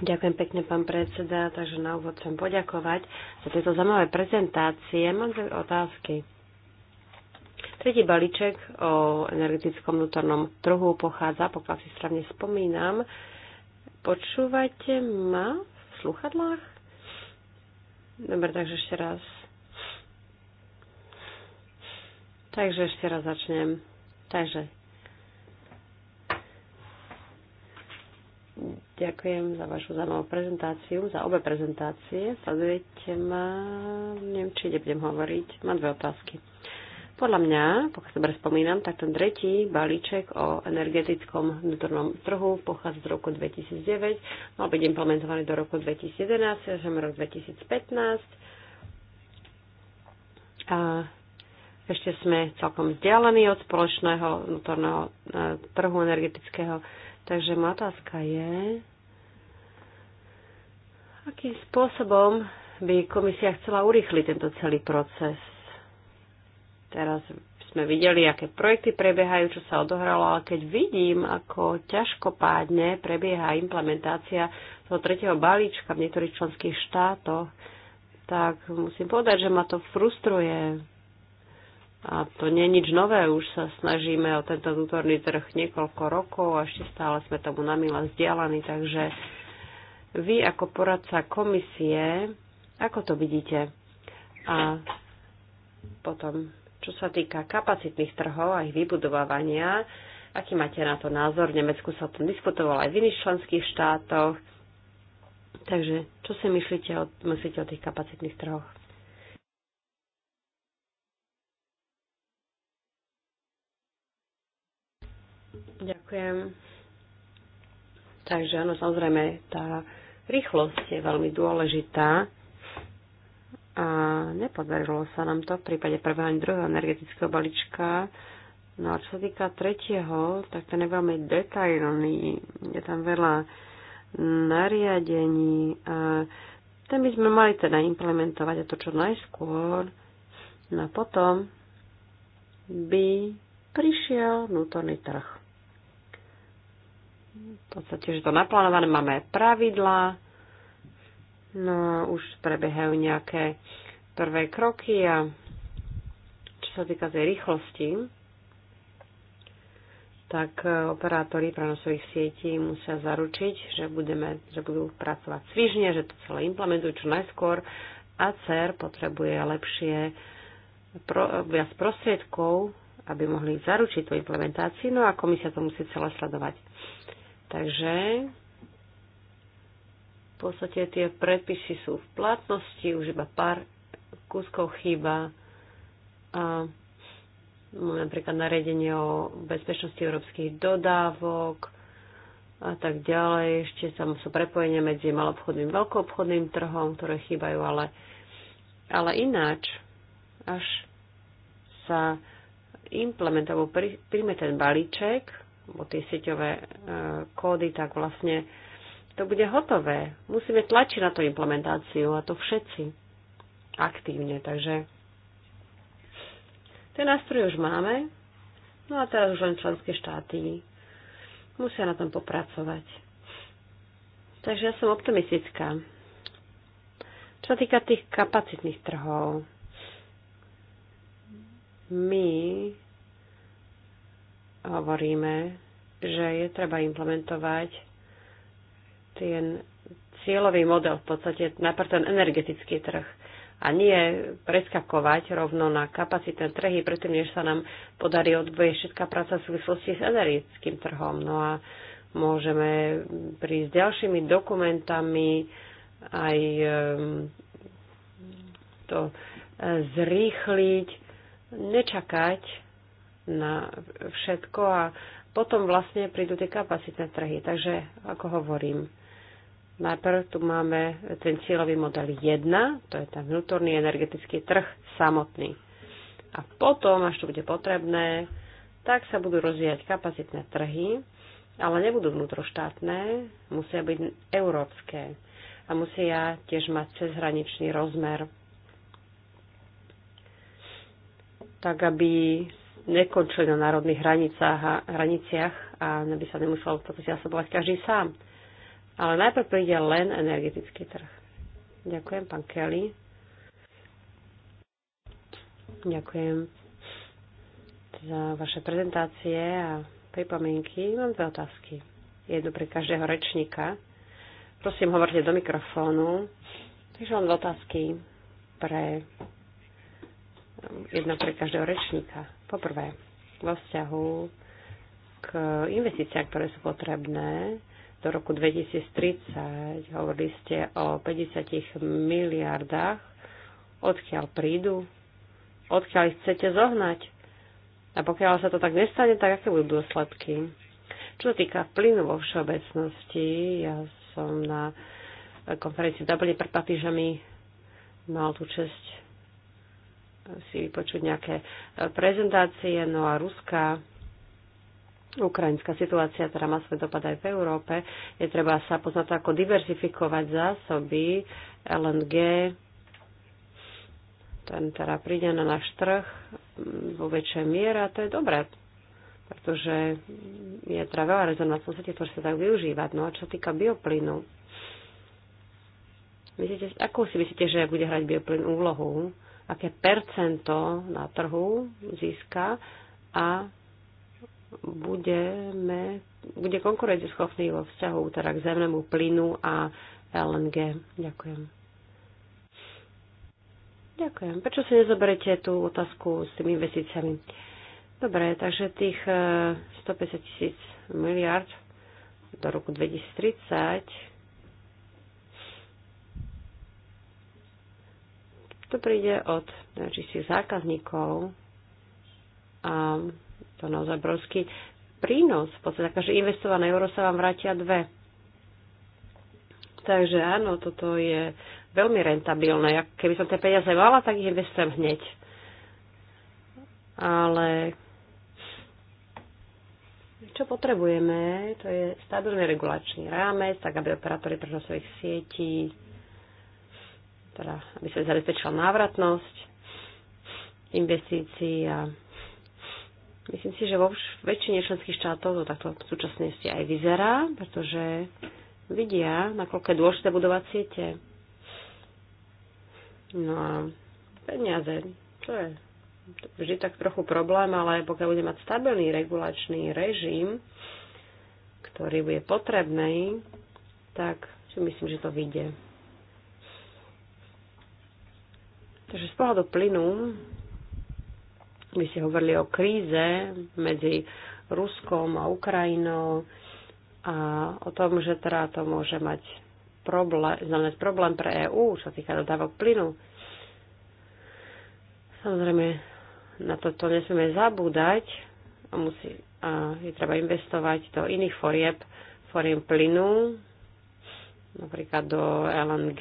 [SPEAKER 4] Ďakujem pekne, pán predseda. Takže na úvod chcem poďakovať za tieto zaujímavé prezentácie. Mám dve otázky. Tretí balíček o energetickom vnútornom trhu pochádza, pokiaľ si správne spomínam. počúvajte ma v sluchadlách? Dobre, takže ešte raz. Takže ešte raz začnem. Takže Ďakujem za vašu zaujímavú prezentáciu, za obe prezentácie. Sledujete ma, neviem, či budem hovoriť. Mám dve otázky. Podľa mňa, pokiaľ sa spomínam, tak ten tretí balíček o energetickom vnútornom trhu pochádza z roku 2009, mal byť implementovaný do roku 2011, až rok 2015. A ešte sme celkom vzdialení od spoločného vnútorného e, trhu energetického Takže moja otázka je, akým spôsobom by komisia chcela urýchliť tento celý proces. Teraz sme videli, aké projekty prebiehajú, čo sa odohralo, ale keď vidím, ako ťažkopádne prebieha implementácia toho tretieho balíčka v niektorých členských štátoch, tak musím povedať, že ma to frustruje. A to nie je nič nové, už sa snažíme o tento vnútorný trh niekoľko rokov a ešte stále sme tomu namila vzdialení, takže vy ako poradca komisie, ako to vidíte? A potom, čo sa týka kapacitných trhov a ich vybudovávania, aký máte na to názor? V Nemecku sa o tom diskutovalo aj v iných členských štátoch. Takže čo si myslíte o, myslíte o tých kapacitných trhoch? Ďakujem. Takže áno, samozrejme, tá rýchlosť je veľmi dôležitá a nepodarilo sa nám to v prípade prvého ani druhého energetického balíčka. No a čo sa týka tretieho, tak ten je veľmi detailný. Je tam veľa nariadení a ten by sme mali teda implementovať a to čo najskôr. No a potom by prišiel vnútorný trh v podstate, že to naplánované máme pravidlá, no už prebiehajú nejaké prvé kroky a čo sa týka tej rýchlosti, tak e, operátori prenosových sietí musia zaručiť, že, budeme, že budú pracovať svižne, že to celé implementujú čo najskôr a CER potrebuje lepšie pro, viac prostriedkov, aby mohli zaručiť tú implementáciu, no a komisia to musí celé sledovať. Takže v podstate tie predpisy sú v platnosti, už iba pár kúskov chýba. A napríklad naredenie o bezpečnosti európskych dodávok a tak ďalej. Ešte tam sú prepojenia medzi malobchodným a veľkoobchodným trhom, ktoré chýbajú, ale, ale ináč, až sa implementoval, príjme ten balíček, o tie sieťové e, kódy, tak vlastne to bude hotové. Musíme tlačiť na tú implementáciu a to všetci aktívne. Takže ten nástroj už máme, no a teraz už len členské štáty musia na tom popracovať. Takže ja som optimistická. Čo sa týka tých kapacitných trhov, my hovoríme, že je treba implementovať ten cieľový model, v podstate najprv ten energetický trh a nie preskakovať rovno na kapacitné trhy, predtým, než sa nám podarí odboje všetká práca v súvislosti s energetickým trhom. No a môžeme prísť ďalšími dokumentami, aj ehm, to e, zrýchliť, nečakať na všetko a potom vlastne prídu tie kapacitné trhy. Takže, ako hovorím, najprv tu máme ten cieľový model 1, to je ten vnútorný energetický trh samotný. A potom, až to bude potrebné, tak sa budú rozvíjať kapacitné trhy, ale nebudú vnútroštátne, musia byť európske a musia tiež mať cezhraničný rozmer, tak aby nekončili na národných hranicách a hraniciach a by sa nemusel v podstate zasobovať každý sám. Ale najprv príde len energetický trh. Ďakujem, pán Kelly. Ďakujem za vaše prezentácie a pripomienky. Mám dve otázky. Jednu pre každého rečníka. Prosím, hovorte do mikrofónu. Takže mám dve otázky pre jedna pre každého rečníka. Poprvé, vo vzťahu k investíciám, ktoré sú potrebné do roku 2030, hovorili ste o 50 miliardách, odkiaľ prídu, odkiaľ ich chcete zohnať. A pokiaľ sa to tak nestane, tak aké budú dôsledky? Čo sa týka plynu vo všeobecnosti, ja som na konferencii v Dublin pred papížami mal tú čest si vypočuť nejaké e, prezentácie, no a ruská ukrajinská situácia, ktorá má svoj dopad aj v Európe, je treba sa poznať ako diversifikovať zásoby LNG, ten teda príde na náš trh mm, vo väčšej miere a to je dobré, pretože je teda veľa rezonantov svete, ktoré sa tak využívať. No a čo sa týka bioplynu, myslíte, ako si myslíte, že bude hrať bioplyn úlohu? aké percento na trhu získa a budeme, bude konkurencieschopný vo vzťahu teda k zemnému plynu a LNG. Ďakujem. Ďakujem. Prečo si nezoberete tú otázku s tými investíciami? Dobre, takže tých eh, 150 tisíc miliard do roku 2030 To príde od najčistých zákazníkov a to naozaj obrovský prínos. V podstate každé investované euro sa vám vrátia dve. Takže áno, toto je veľmi rentabilné. Ja, keby som tie peniaze mala, tak ich investujem hneď. Ale čo potrebujeme, to je stabilný regulačný rámec, tak aby operátori svojich sietí teda aby sa zabezpečila návratnosť investícií a myslím si, že vo väčšine členských štátov to takto v súčasnosti aj vyzerá, pretože vidia, nakoľko je dôležité budovať siete. No a peniaze, to je vždy tak trochu problém, ale pokiaľ bude mať stabilný regulačný režim, ktorý bude potrebný, tak si myslím, že to vyjde. Takže z pohľadu plynu, my ste hovorili o kríze medzi Ruskom a Ukrajinou a o tom, že teda to môže mať problém, problém pre EÚ, čo týka dodávok plynu. Samozrejme, na toto nesmieme zabúdať a, musí, a je treba investovať do iných forieb, foriem plynu, napríklad do LNG,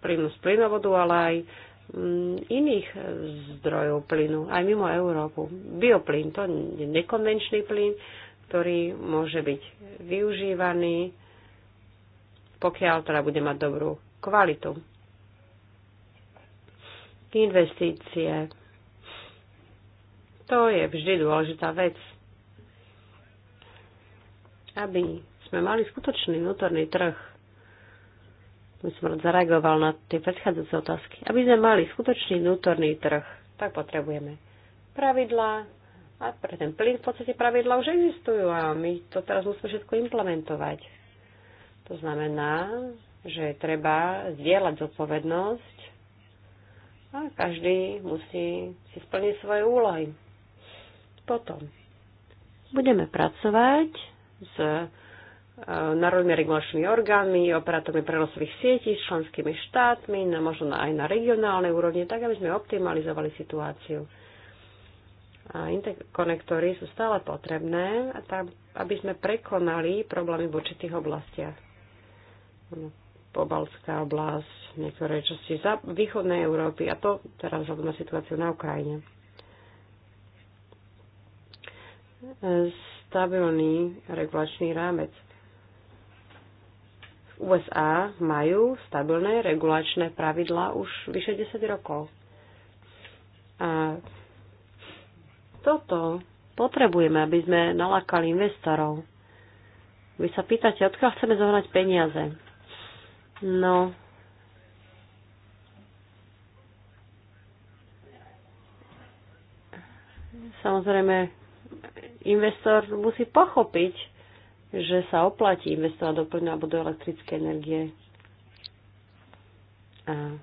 [SPEAKER 4] plynu z plynovodu, ale aj mm, iných e, zdrojov plynu, aj mimo Európu. Bioplyn, to je nekonvenčný plyn, ktorý môže byť využívaný, pokiaľ teda bude mať dobrú kvalitu. Investície. To je vždy dôležitá vec. Aby sme mali skutočný vnútorný trh, by som rád zareagoval na tie predchádzajúce otázky. Aby sme mali skutočný vnútorný trh, tak potrebujeme pravidlá a pre ten plyn v podstate pravidlá už existujú a my to teraz musíme všetko implementovať. To znamená, že treba zdieľať zodpovednosť a každý musí si splniť svoje úlohy. Potom budeme pracovať s národnými regulačnými orgánmi, operátormi prenosových sietí s členskými štátmi, no na, možno aj na regionálnej úrovni, tak aby sme optimalizovali situáciu. A interkonektory sú stále potrebné, aby sme prekonali problémy v určitých oblastiach. Pobalská oblasť, niektoré časti za východnej Európy a to teraz vzhľadom na situáciu na Ukrajine. Stabilný regulačný rámec USA majú stabilné regulačné pravidlá už vyše 10 rokov. A toto potrebujeme, aby sme nalákali investorov. Vy sa pýtate, odkiaľ chceme zohnať peniaze. No, samozrejme, investor musí pochopiť, že sa oplatí investovať do plynu alebo do elektrické energie. A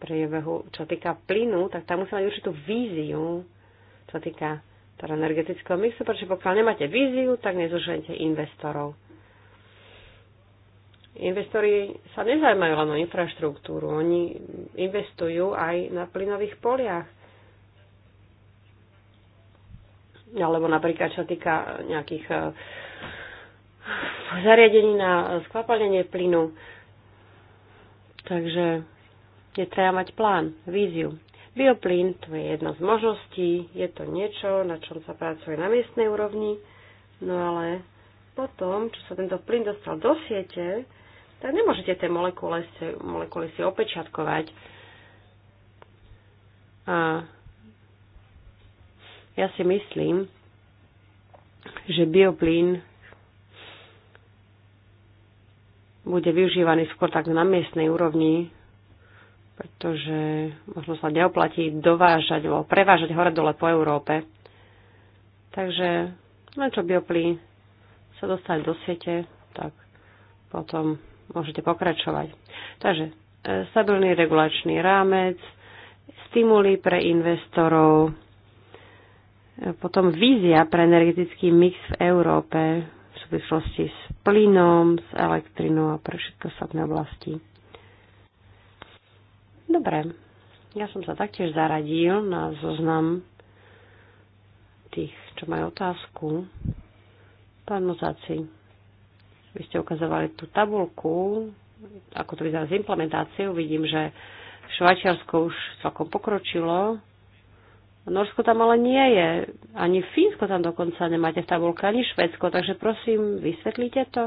[SPEAKER 4] priebehu, čo týka plynu, tak tam musí mať určitú víziu, čo týka teda energetického mixu, pretože pokiaľ nemáte víziu, tak nezoženete investorov. Investori sa nezajmajú len o infraštruktúru, oni investujú aj na plynových poliach. Alebo napríklad, čo týka nejakých uh, zariadení na skvapalnenie plynu. Takže je treba mať plán, víziu. Bioplyn to je jedna z možností, je to niečo, na čom sa pracuje na miestnej úrovni, no ale potom, čo sa tento plyn dostal do siete, tak nemôžete tie molekuly si, molekuly si opečiatkovať. A ja si myslím, že bioplín bude využívaný skôr tak na miestnej úrovni, pretože možno sa neoplatí dovážať alebo prevážať hore-dole po Európe. Takže na čo bioplín sa dostať do siete, tak potom môžete pokračovať. Takže e, stabilný regulačný rámec, stimuly pre investorov, e, potom vízia pre energetický mix v Európe, súvislosti s plynom, s elektrinou a pre všetko ostatné oblasti. Dobre, ja som sa taktiež zaradil na zoznam tých, čo majú otázku. Pán Mozáci, vy ste ukazovali tú tabulku, ako to vyzerá s implementáciou. Vidím, že Švajčiarsko už celkom pokročilo Norsko tam ale nie je. Ani Fínsko tam dokonca nemáte v tabulke, ani Švedsko. Takže prosím, vysvetlite to.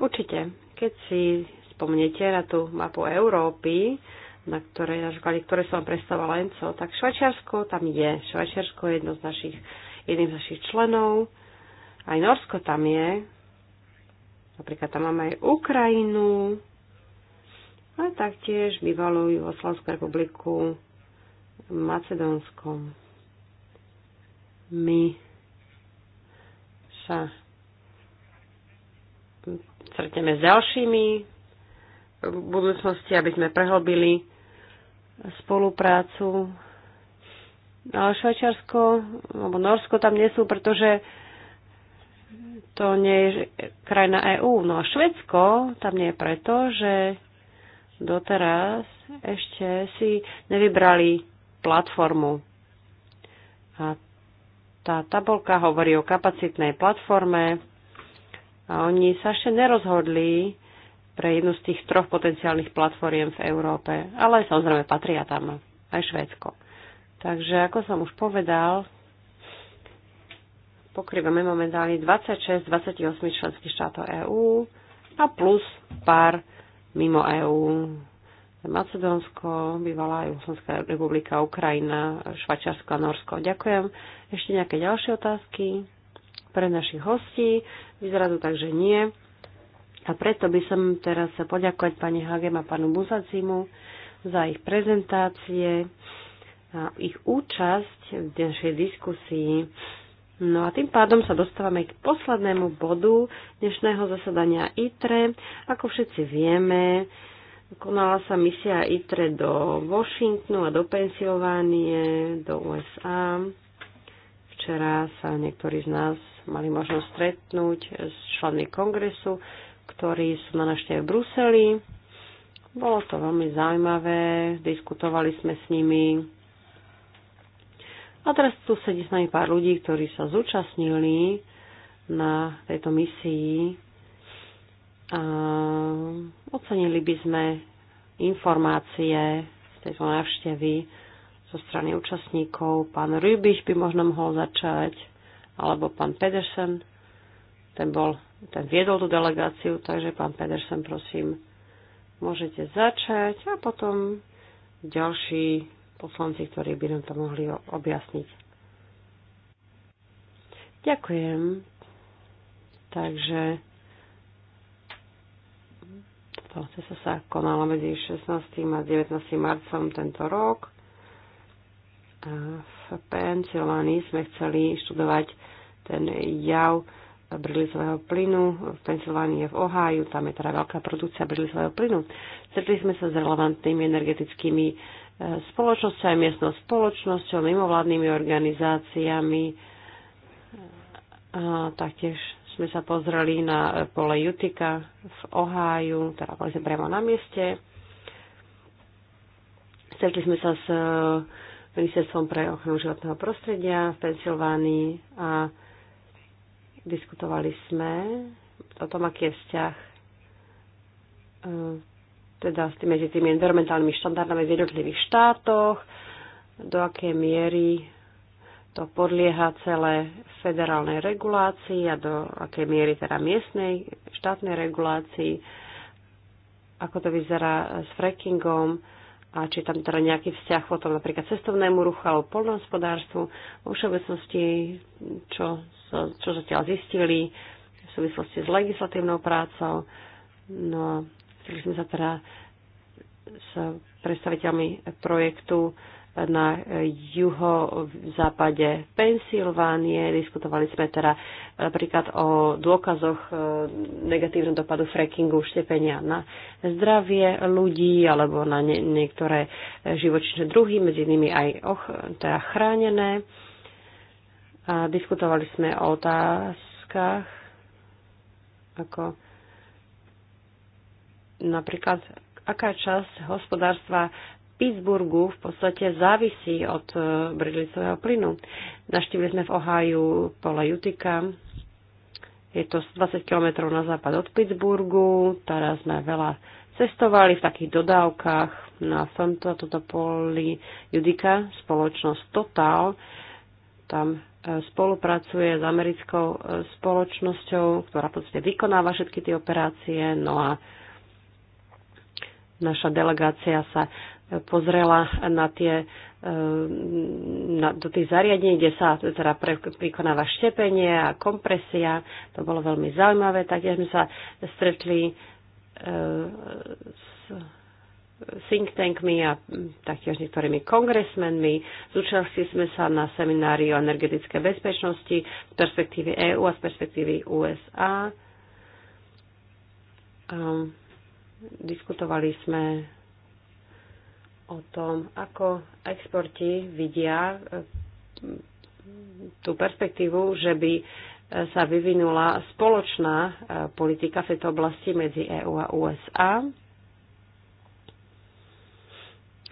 [SPEAKER 4] Určite. Keď si spomnete na tú mapu Európy, na ktorej, na ktoré som vám predstavovala co, tak Švajčiarsko tam je. Švajčiarsko je jedno z našich, jedným z našich členov. Aj Norsko tam je. Napríklad tam máme aj Ukrajinu, a taktiež bývalú Jugoslavskú republiku Macedónskom. My sa stretneme s ďalšími v budúcnosti, aby sme prehlbili spoluprácu. Ale Švajčiarsko alebo Norsko tam nie sú, pretože to nie je krajina EÚ. No a Švedsko tam nie je preto, že doteraz ešte si nevybrali platformu. A tá tabulka hovorí o kapacitnej platforme a oni sa ešte nerozhodli pre jednu z tých troch potenciálnych platformiem v Európe, ale samozrejme patria tam aj Švédsko. Takže ako som už povedal, pokrývame momentálne 26 28 členských štátov EÚ a plus pár mimo EÚ, Macedónsko, bývalá Jugoslovenská republika, Ukrajina, Švačarsko a Norsko. Ďakujem. Ešte nejaké ďalšie otázky pre našich hostí? Vyzerá to tak, že nie. A preto by som teraz sa poďakovať pani Hagem a panu Buzacimu za ich prezentácie a ich účasť v dnešnej diskusii. No a tým pádom sa dostávame k poslednému bodu dnešného zasadania ITRE. Ako všetci vieme, konala sa misia ITRE do Washingtonu a do Pensylvánie, do USA. Včera sa niektorí z nás mali možnosť stretnúť s členmi kongresu, ktorí sú na našte v Bruseli. Bolo to veľmi zaujímavé, diskutovali sme s nimi a teraz tu sedí s nami pár ľudí, ktorí sa zúčastnili na tejto misii. A ocenili by sme informácie z tejto návštevy zo strany účastníkov. Pán Rybiš by možno mohol začať, alebo pán Pedersen, ten, bol, ten viedol tú delegáciu, takže pán Pedersen, prosím, môžete začať a potom ďalší poslanci, ktorí by nám to mohli objasniť. Ďakujem. Takže to sa sa konalo medzi 16. a 19. marcom tento rok.
[SPEAKER 1] V
[SPEAKER 4] Pensylvánii sme chceli študovať ten jav brilisového plynu. V Pensylvánii je v Oháju, tam je teda veľká produkcia brilisového plynu. Stretli sme sa s relevantnými energetickými spoločnosťou, aj miestnou spoločnosťou, mimovládnymi organizáciami. A taktiež sme sa pozreli na pole Jutika v Oháju, teda boli sme priamo na mieste. Stretli sme sa s eh, Ministerstvom pre ochranu životného prostredia v Pensilvánii a diskutovali sme o tom, aký je vzťah eh, teda s medzi tými environmentálnymi štandardami v jednotlivých štátoch, do akej miery to podlieha celé federálnej regulácii a do akej miery teda miestnej štátnej regulácii, ako to vyzerá s frackingom a či tam teda nejaký vzťah potom napríklad cestovnému ruchu alebo polnohospodárstvu. Vo všeobecnosti, čo, čo zatiaľ zistili v súvislosti s legislatívnou prácou, no Stretli sme sa teda s predstaviteľmi projektu na juhozápade Pensylvánie. Diskutovali sme teda napríklad o dôkazoch e, negatívneho dopadu frackingu, štepenia na zdravie ľudí alebo na nie, niektoré živočíšne druhy, medzi nimi aj och, teda chránené. A diskutovali sme o otázkach, ako Napríklad, aká časť hospodárstva Pittsburghu v podstate závisí od e, bridlicového plynu. Naštívili sme v Oháju pole Jutika, je to 20 km na západ od Pittsburghu, teraz sme veľa cestovali v takých dodávkach na no tomto, toto poli Judika, spoločnosť Total, tam e, spolupracuje s americkou e, spoločnosťou, ktorá v podstate vykonáva všetky tie operácie, no a Naša delegácia sa e, pozrela na tie, e, na, do tých zariadení, kde sa teda pre, vykonáva štepenie a kompresia. To bolo veľmi zaujímavé. takže sme sa stretli e, s think tankmi a taktiež niektorými kongresmenmi. Zúčastnili sme sa na seminári o energetickej bezpečnosti z perspektívy EÚ a z perspektívy USA. Um, ehm, Diskutovali sme o tom, ako exporti vidia eh, tú perspektívu, že by eh, sa vyvinula spoločná eh, politika v tejto oblasti medzi EÚ a USA.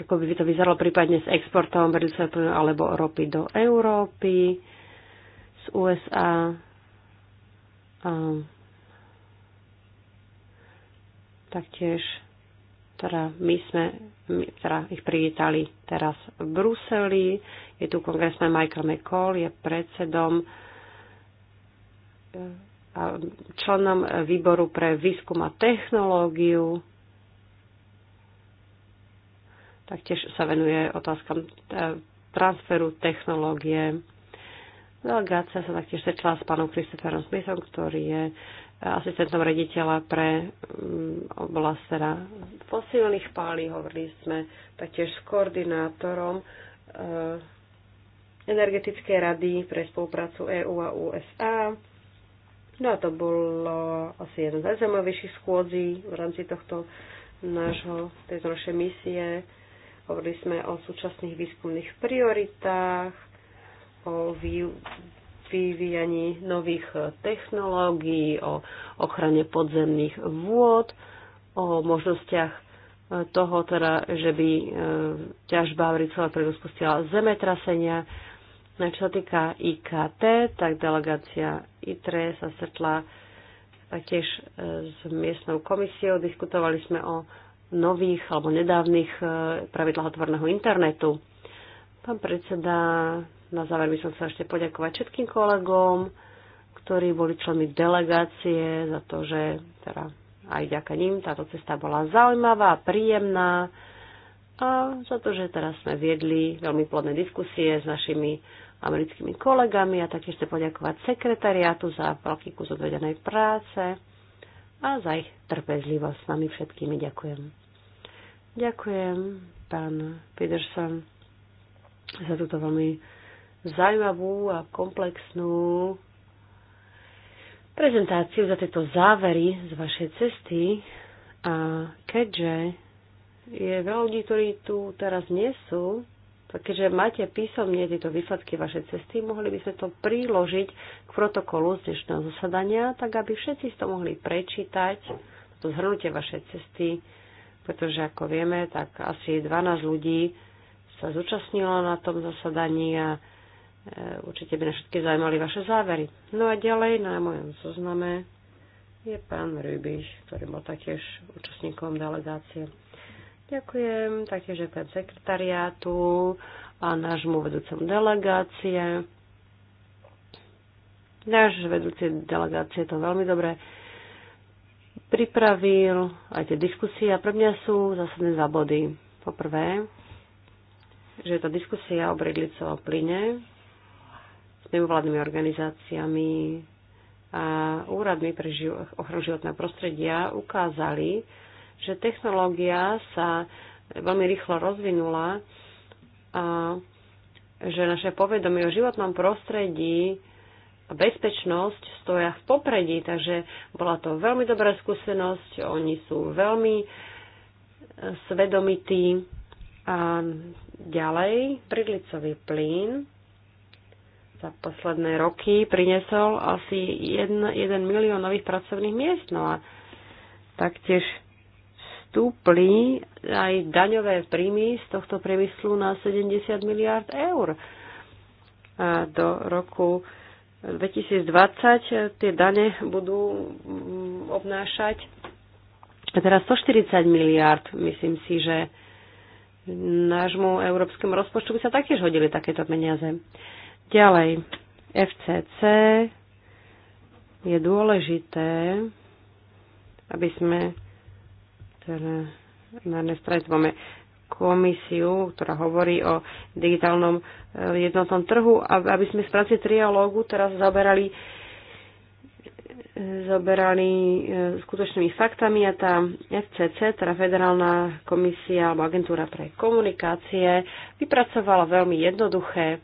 [SPEAKER 4] Ako by to vyzeralo prípadne s exportom bridlicového plynu alebo ropy do Európy, z USA. A Taktiež teda my sme my, teda ich privítali teraz v Bruseli. Je tu kongresman Michael McCall, je predsedom eh, a členom výboru pre výskum a technológiu. Taktiež sa venuje otázkam eh, transferu technológie. Delegácia sa taktiež sečla s pánom Christopherom Smithom, ktorý je asistentom rediteľa pre mm, oblasť teda fosílnych pálí. Hovorili sme taktiež s koordinátorom e, energetickej rady pre spoluprácu EÚ a USA. No a to bolo asi jeden z najzaujímavejších schôdzí v rámci tohto nášho, tejto našej misie. Hovorili sme o súčasných výskumných prioritách, o vyvíjaní nových e, technológií, o ochrane podzemných vôd, o možnostiach e, toho, teda, že by e, ťažba Ricele predospustila zemetrasenia. Na no, čo sa týka IKT, tak delegácia ITRE sa stretla taktiež s miestnou komisiou. Diskutovali sme o nových alebo nedávnych pravidlách otvorného internetu. Pán predseda, na záver by som sa ešte poďakovať všetkým kolegom, ktorí boli členmi delegácie za to, že teda aj ďaká ním táto cesta bola zaujímavá a príjemná a za to, že teraz sme viedli veľmi plodné diskusie s našimi americkými kolegami a taktiež chcem poďakovať sekretariátu za veľký kus odvedenej práce a za ich trpezlivosť s nami všetkými. Ďakujem. Ďakujem, pán Peterson, za túto veľmi zaujímavú a komplexnú prezentáciu, za tieto závery z vašej cesty. A keďže je veľa ľudí, ktorí tu teraz nie sú, tak keďže máte písomne tieto výsledky vašej cesty, mohli by sme to priložiť k protokolu z dnešného zasadania, tak aby všetci to mohli prečítať, to zhrnutie vašej cesty, pretože ako vieme, tak asi 12 ľudí sa zúčastnilo na tom zasadaní a E, určite by na všetky zaujímali vaše závery. No a ďalej na mojom zozname je pán Rybiš, ktorý bol taktiež účastníkom delegácie. Ďakujem taktiež ďakujem pán sekretariátu a nášmu vedúcemu delegácie. Náš vedúci delegácie to veľmi dobre pripravil, aj tie diskusie. A pre mňa sú zásadné zábody. Poprvé, že tá diskusia o bridlicovom plyne nevládnymi organizáciami a úradmi pre živ- ochranu životného prostredia ukázali, že technológia sa veľmi rýchlo rozvinula a že naše povedomie o životnom prostredí a bezpečnosť stoja v popredí, takže bola to veľmi dobrá skúsenosť, oni sú veľmi e, svedomití a ďalej pridlicový plyn za posledné roky priniesol asi 1 milión nových pracovných miest. No a taktiež stúpli aj daňové príjmy z tohto priemyslu na 70 miliard eur. A do roku 2020 tie dane budú mm, obnášať teraz 140 miliard. Myslím si, že nášmu európskemu rozpočtu by sa taktiež hodili takéto peniaze. Ďalej, FCC je dôležité, aby sme teda, na jednej strane máme komisiu, ktorá hovorí o digitálnom e, jednotnom trhu, aby sme v práci trialógu teraz zaberali zoberali e, e, skutočnými faktami a tá FCC, teda Federálna komisia alebo agentúra pre komunikácie, vypracovala veľmi jednoduché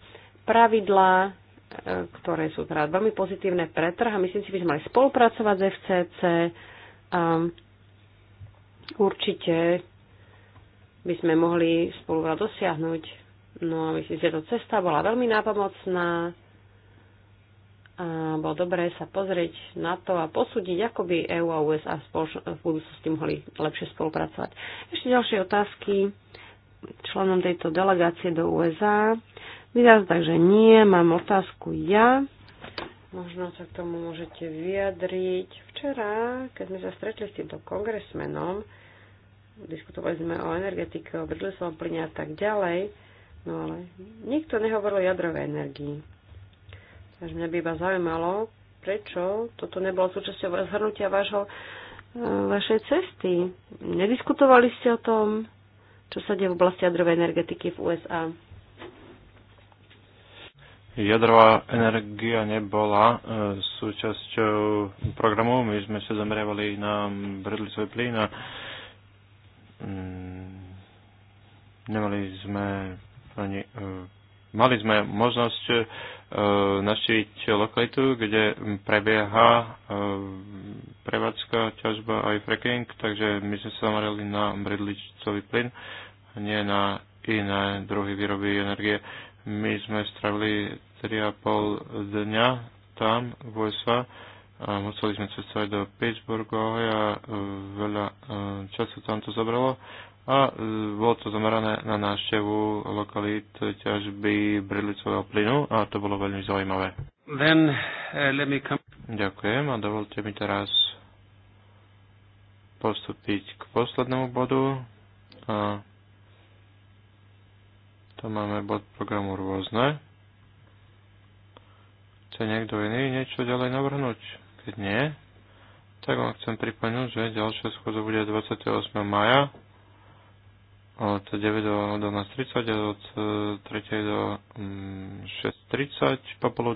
[SPEAKER 4] pravidlá, e, ktoré sú teda veľmi pozitívne pre trh a myslím si, by sme mali spolupracovať s FCC a určite by sme mohli spolu veľa dosiahnuť. No a myslím, že to cesta bola veľmi nápomocná a bolo dobré sa pozrieť na to a posúdiť, ako by EU a USA v budúcnosti mohli lepšie spolupracovať. Ešte ďalšie otázky členom tejto delegácie do USA. Vyzerá tak, že nie. Mám otázku ja. Možno sa k tomu môžete vyjadriť. Včera, keď sme sa stretli s týmto kongresmenom, diskutovali sme o energetike, o bridlisovom plyne a tak ďalej, no ale nikto nehovoril o jadrovej energii. Takže mňa by iba zaujímalo, prečo toto nebolo súčasťou zhrnutia vašho, e, vašej cesty. Nediskutovali ste o tom, čo sa deje v oblasti jadrovej energetiky v USA
[SPEAKER 2] jadrová energia nebola e, súčasťou programu. My sme sa zameriavali na brdlicový plyn a mm, nemali sme ani, e, mali sme možnosť e, naštíviť lokalitu, kde prebieha prevádzka, ťažba aj fracking, takže my sme sa zamerali na bridlicový plyn, nie na iné druhy výroby energie. My sme strávili 3,5 dňa tam v USA a museli sme cestovať do Pittsburghu a veľa e, času tam to zobralo a e, bolo to zamerané na návštevu lokalít ťažby brilicového plynu a to bolo veľmi zaujímavé. Then, uh, let me come... Ďakujem a dovolte mi teraz postupiť k poslednému bodu. A to máme bod programu rôzne. Chce niekto iný niečo ďalej navrhnúť? Keď nie, tak vám chcem pripomenúť, že ďalšia schôdza bude 28. maja od 9 do 12.30 a od 3 e, do 6.30 mm,
[SPEAKER 1] popoludne.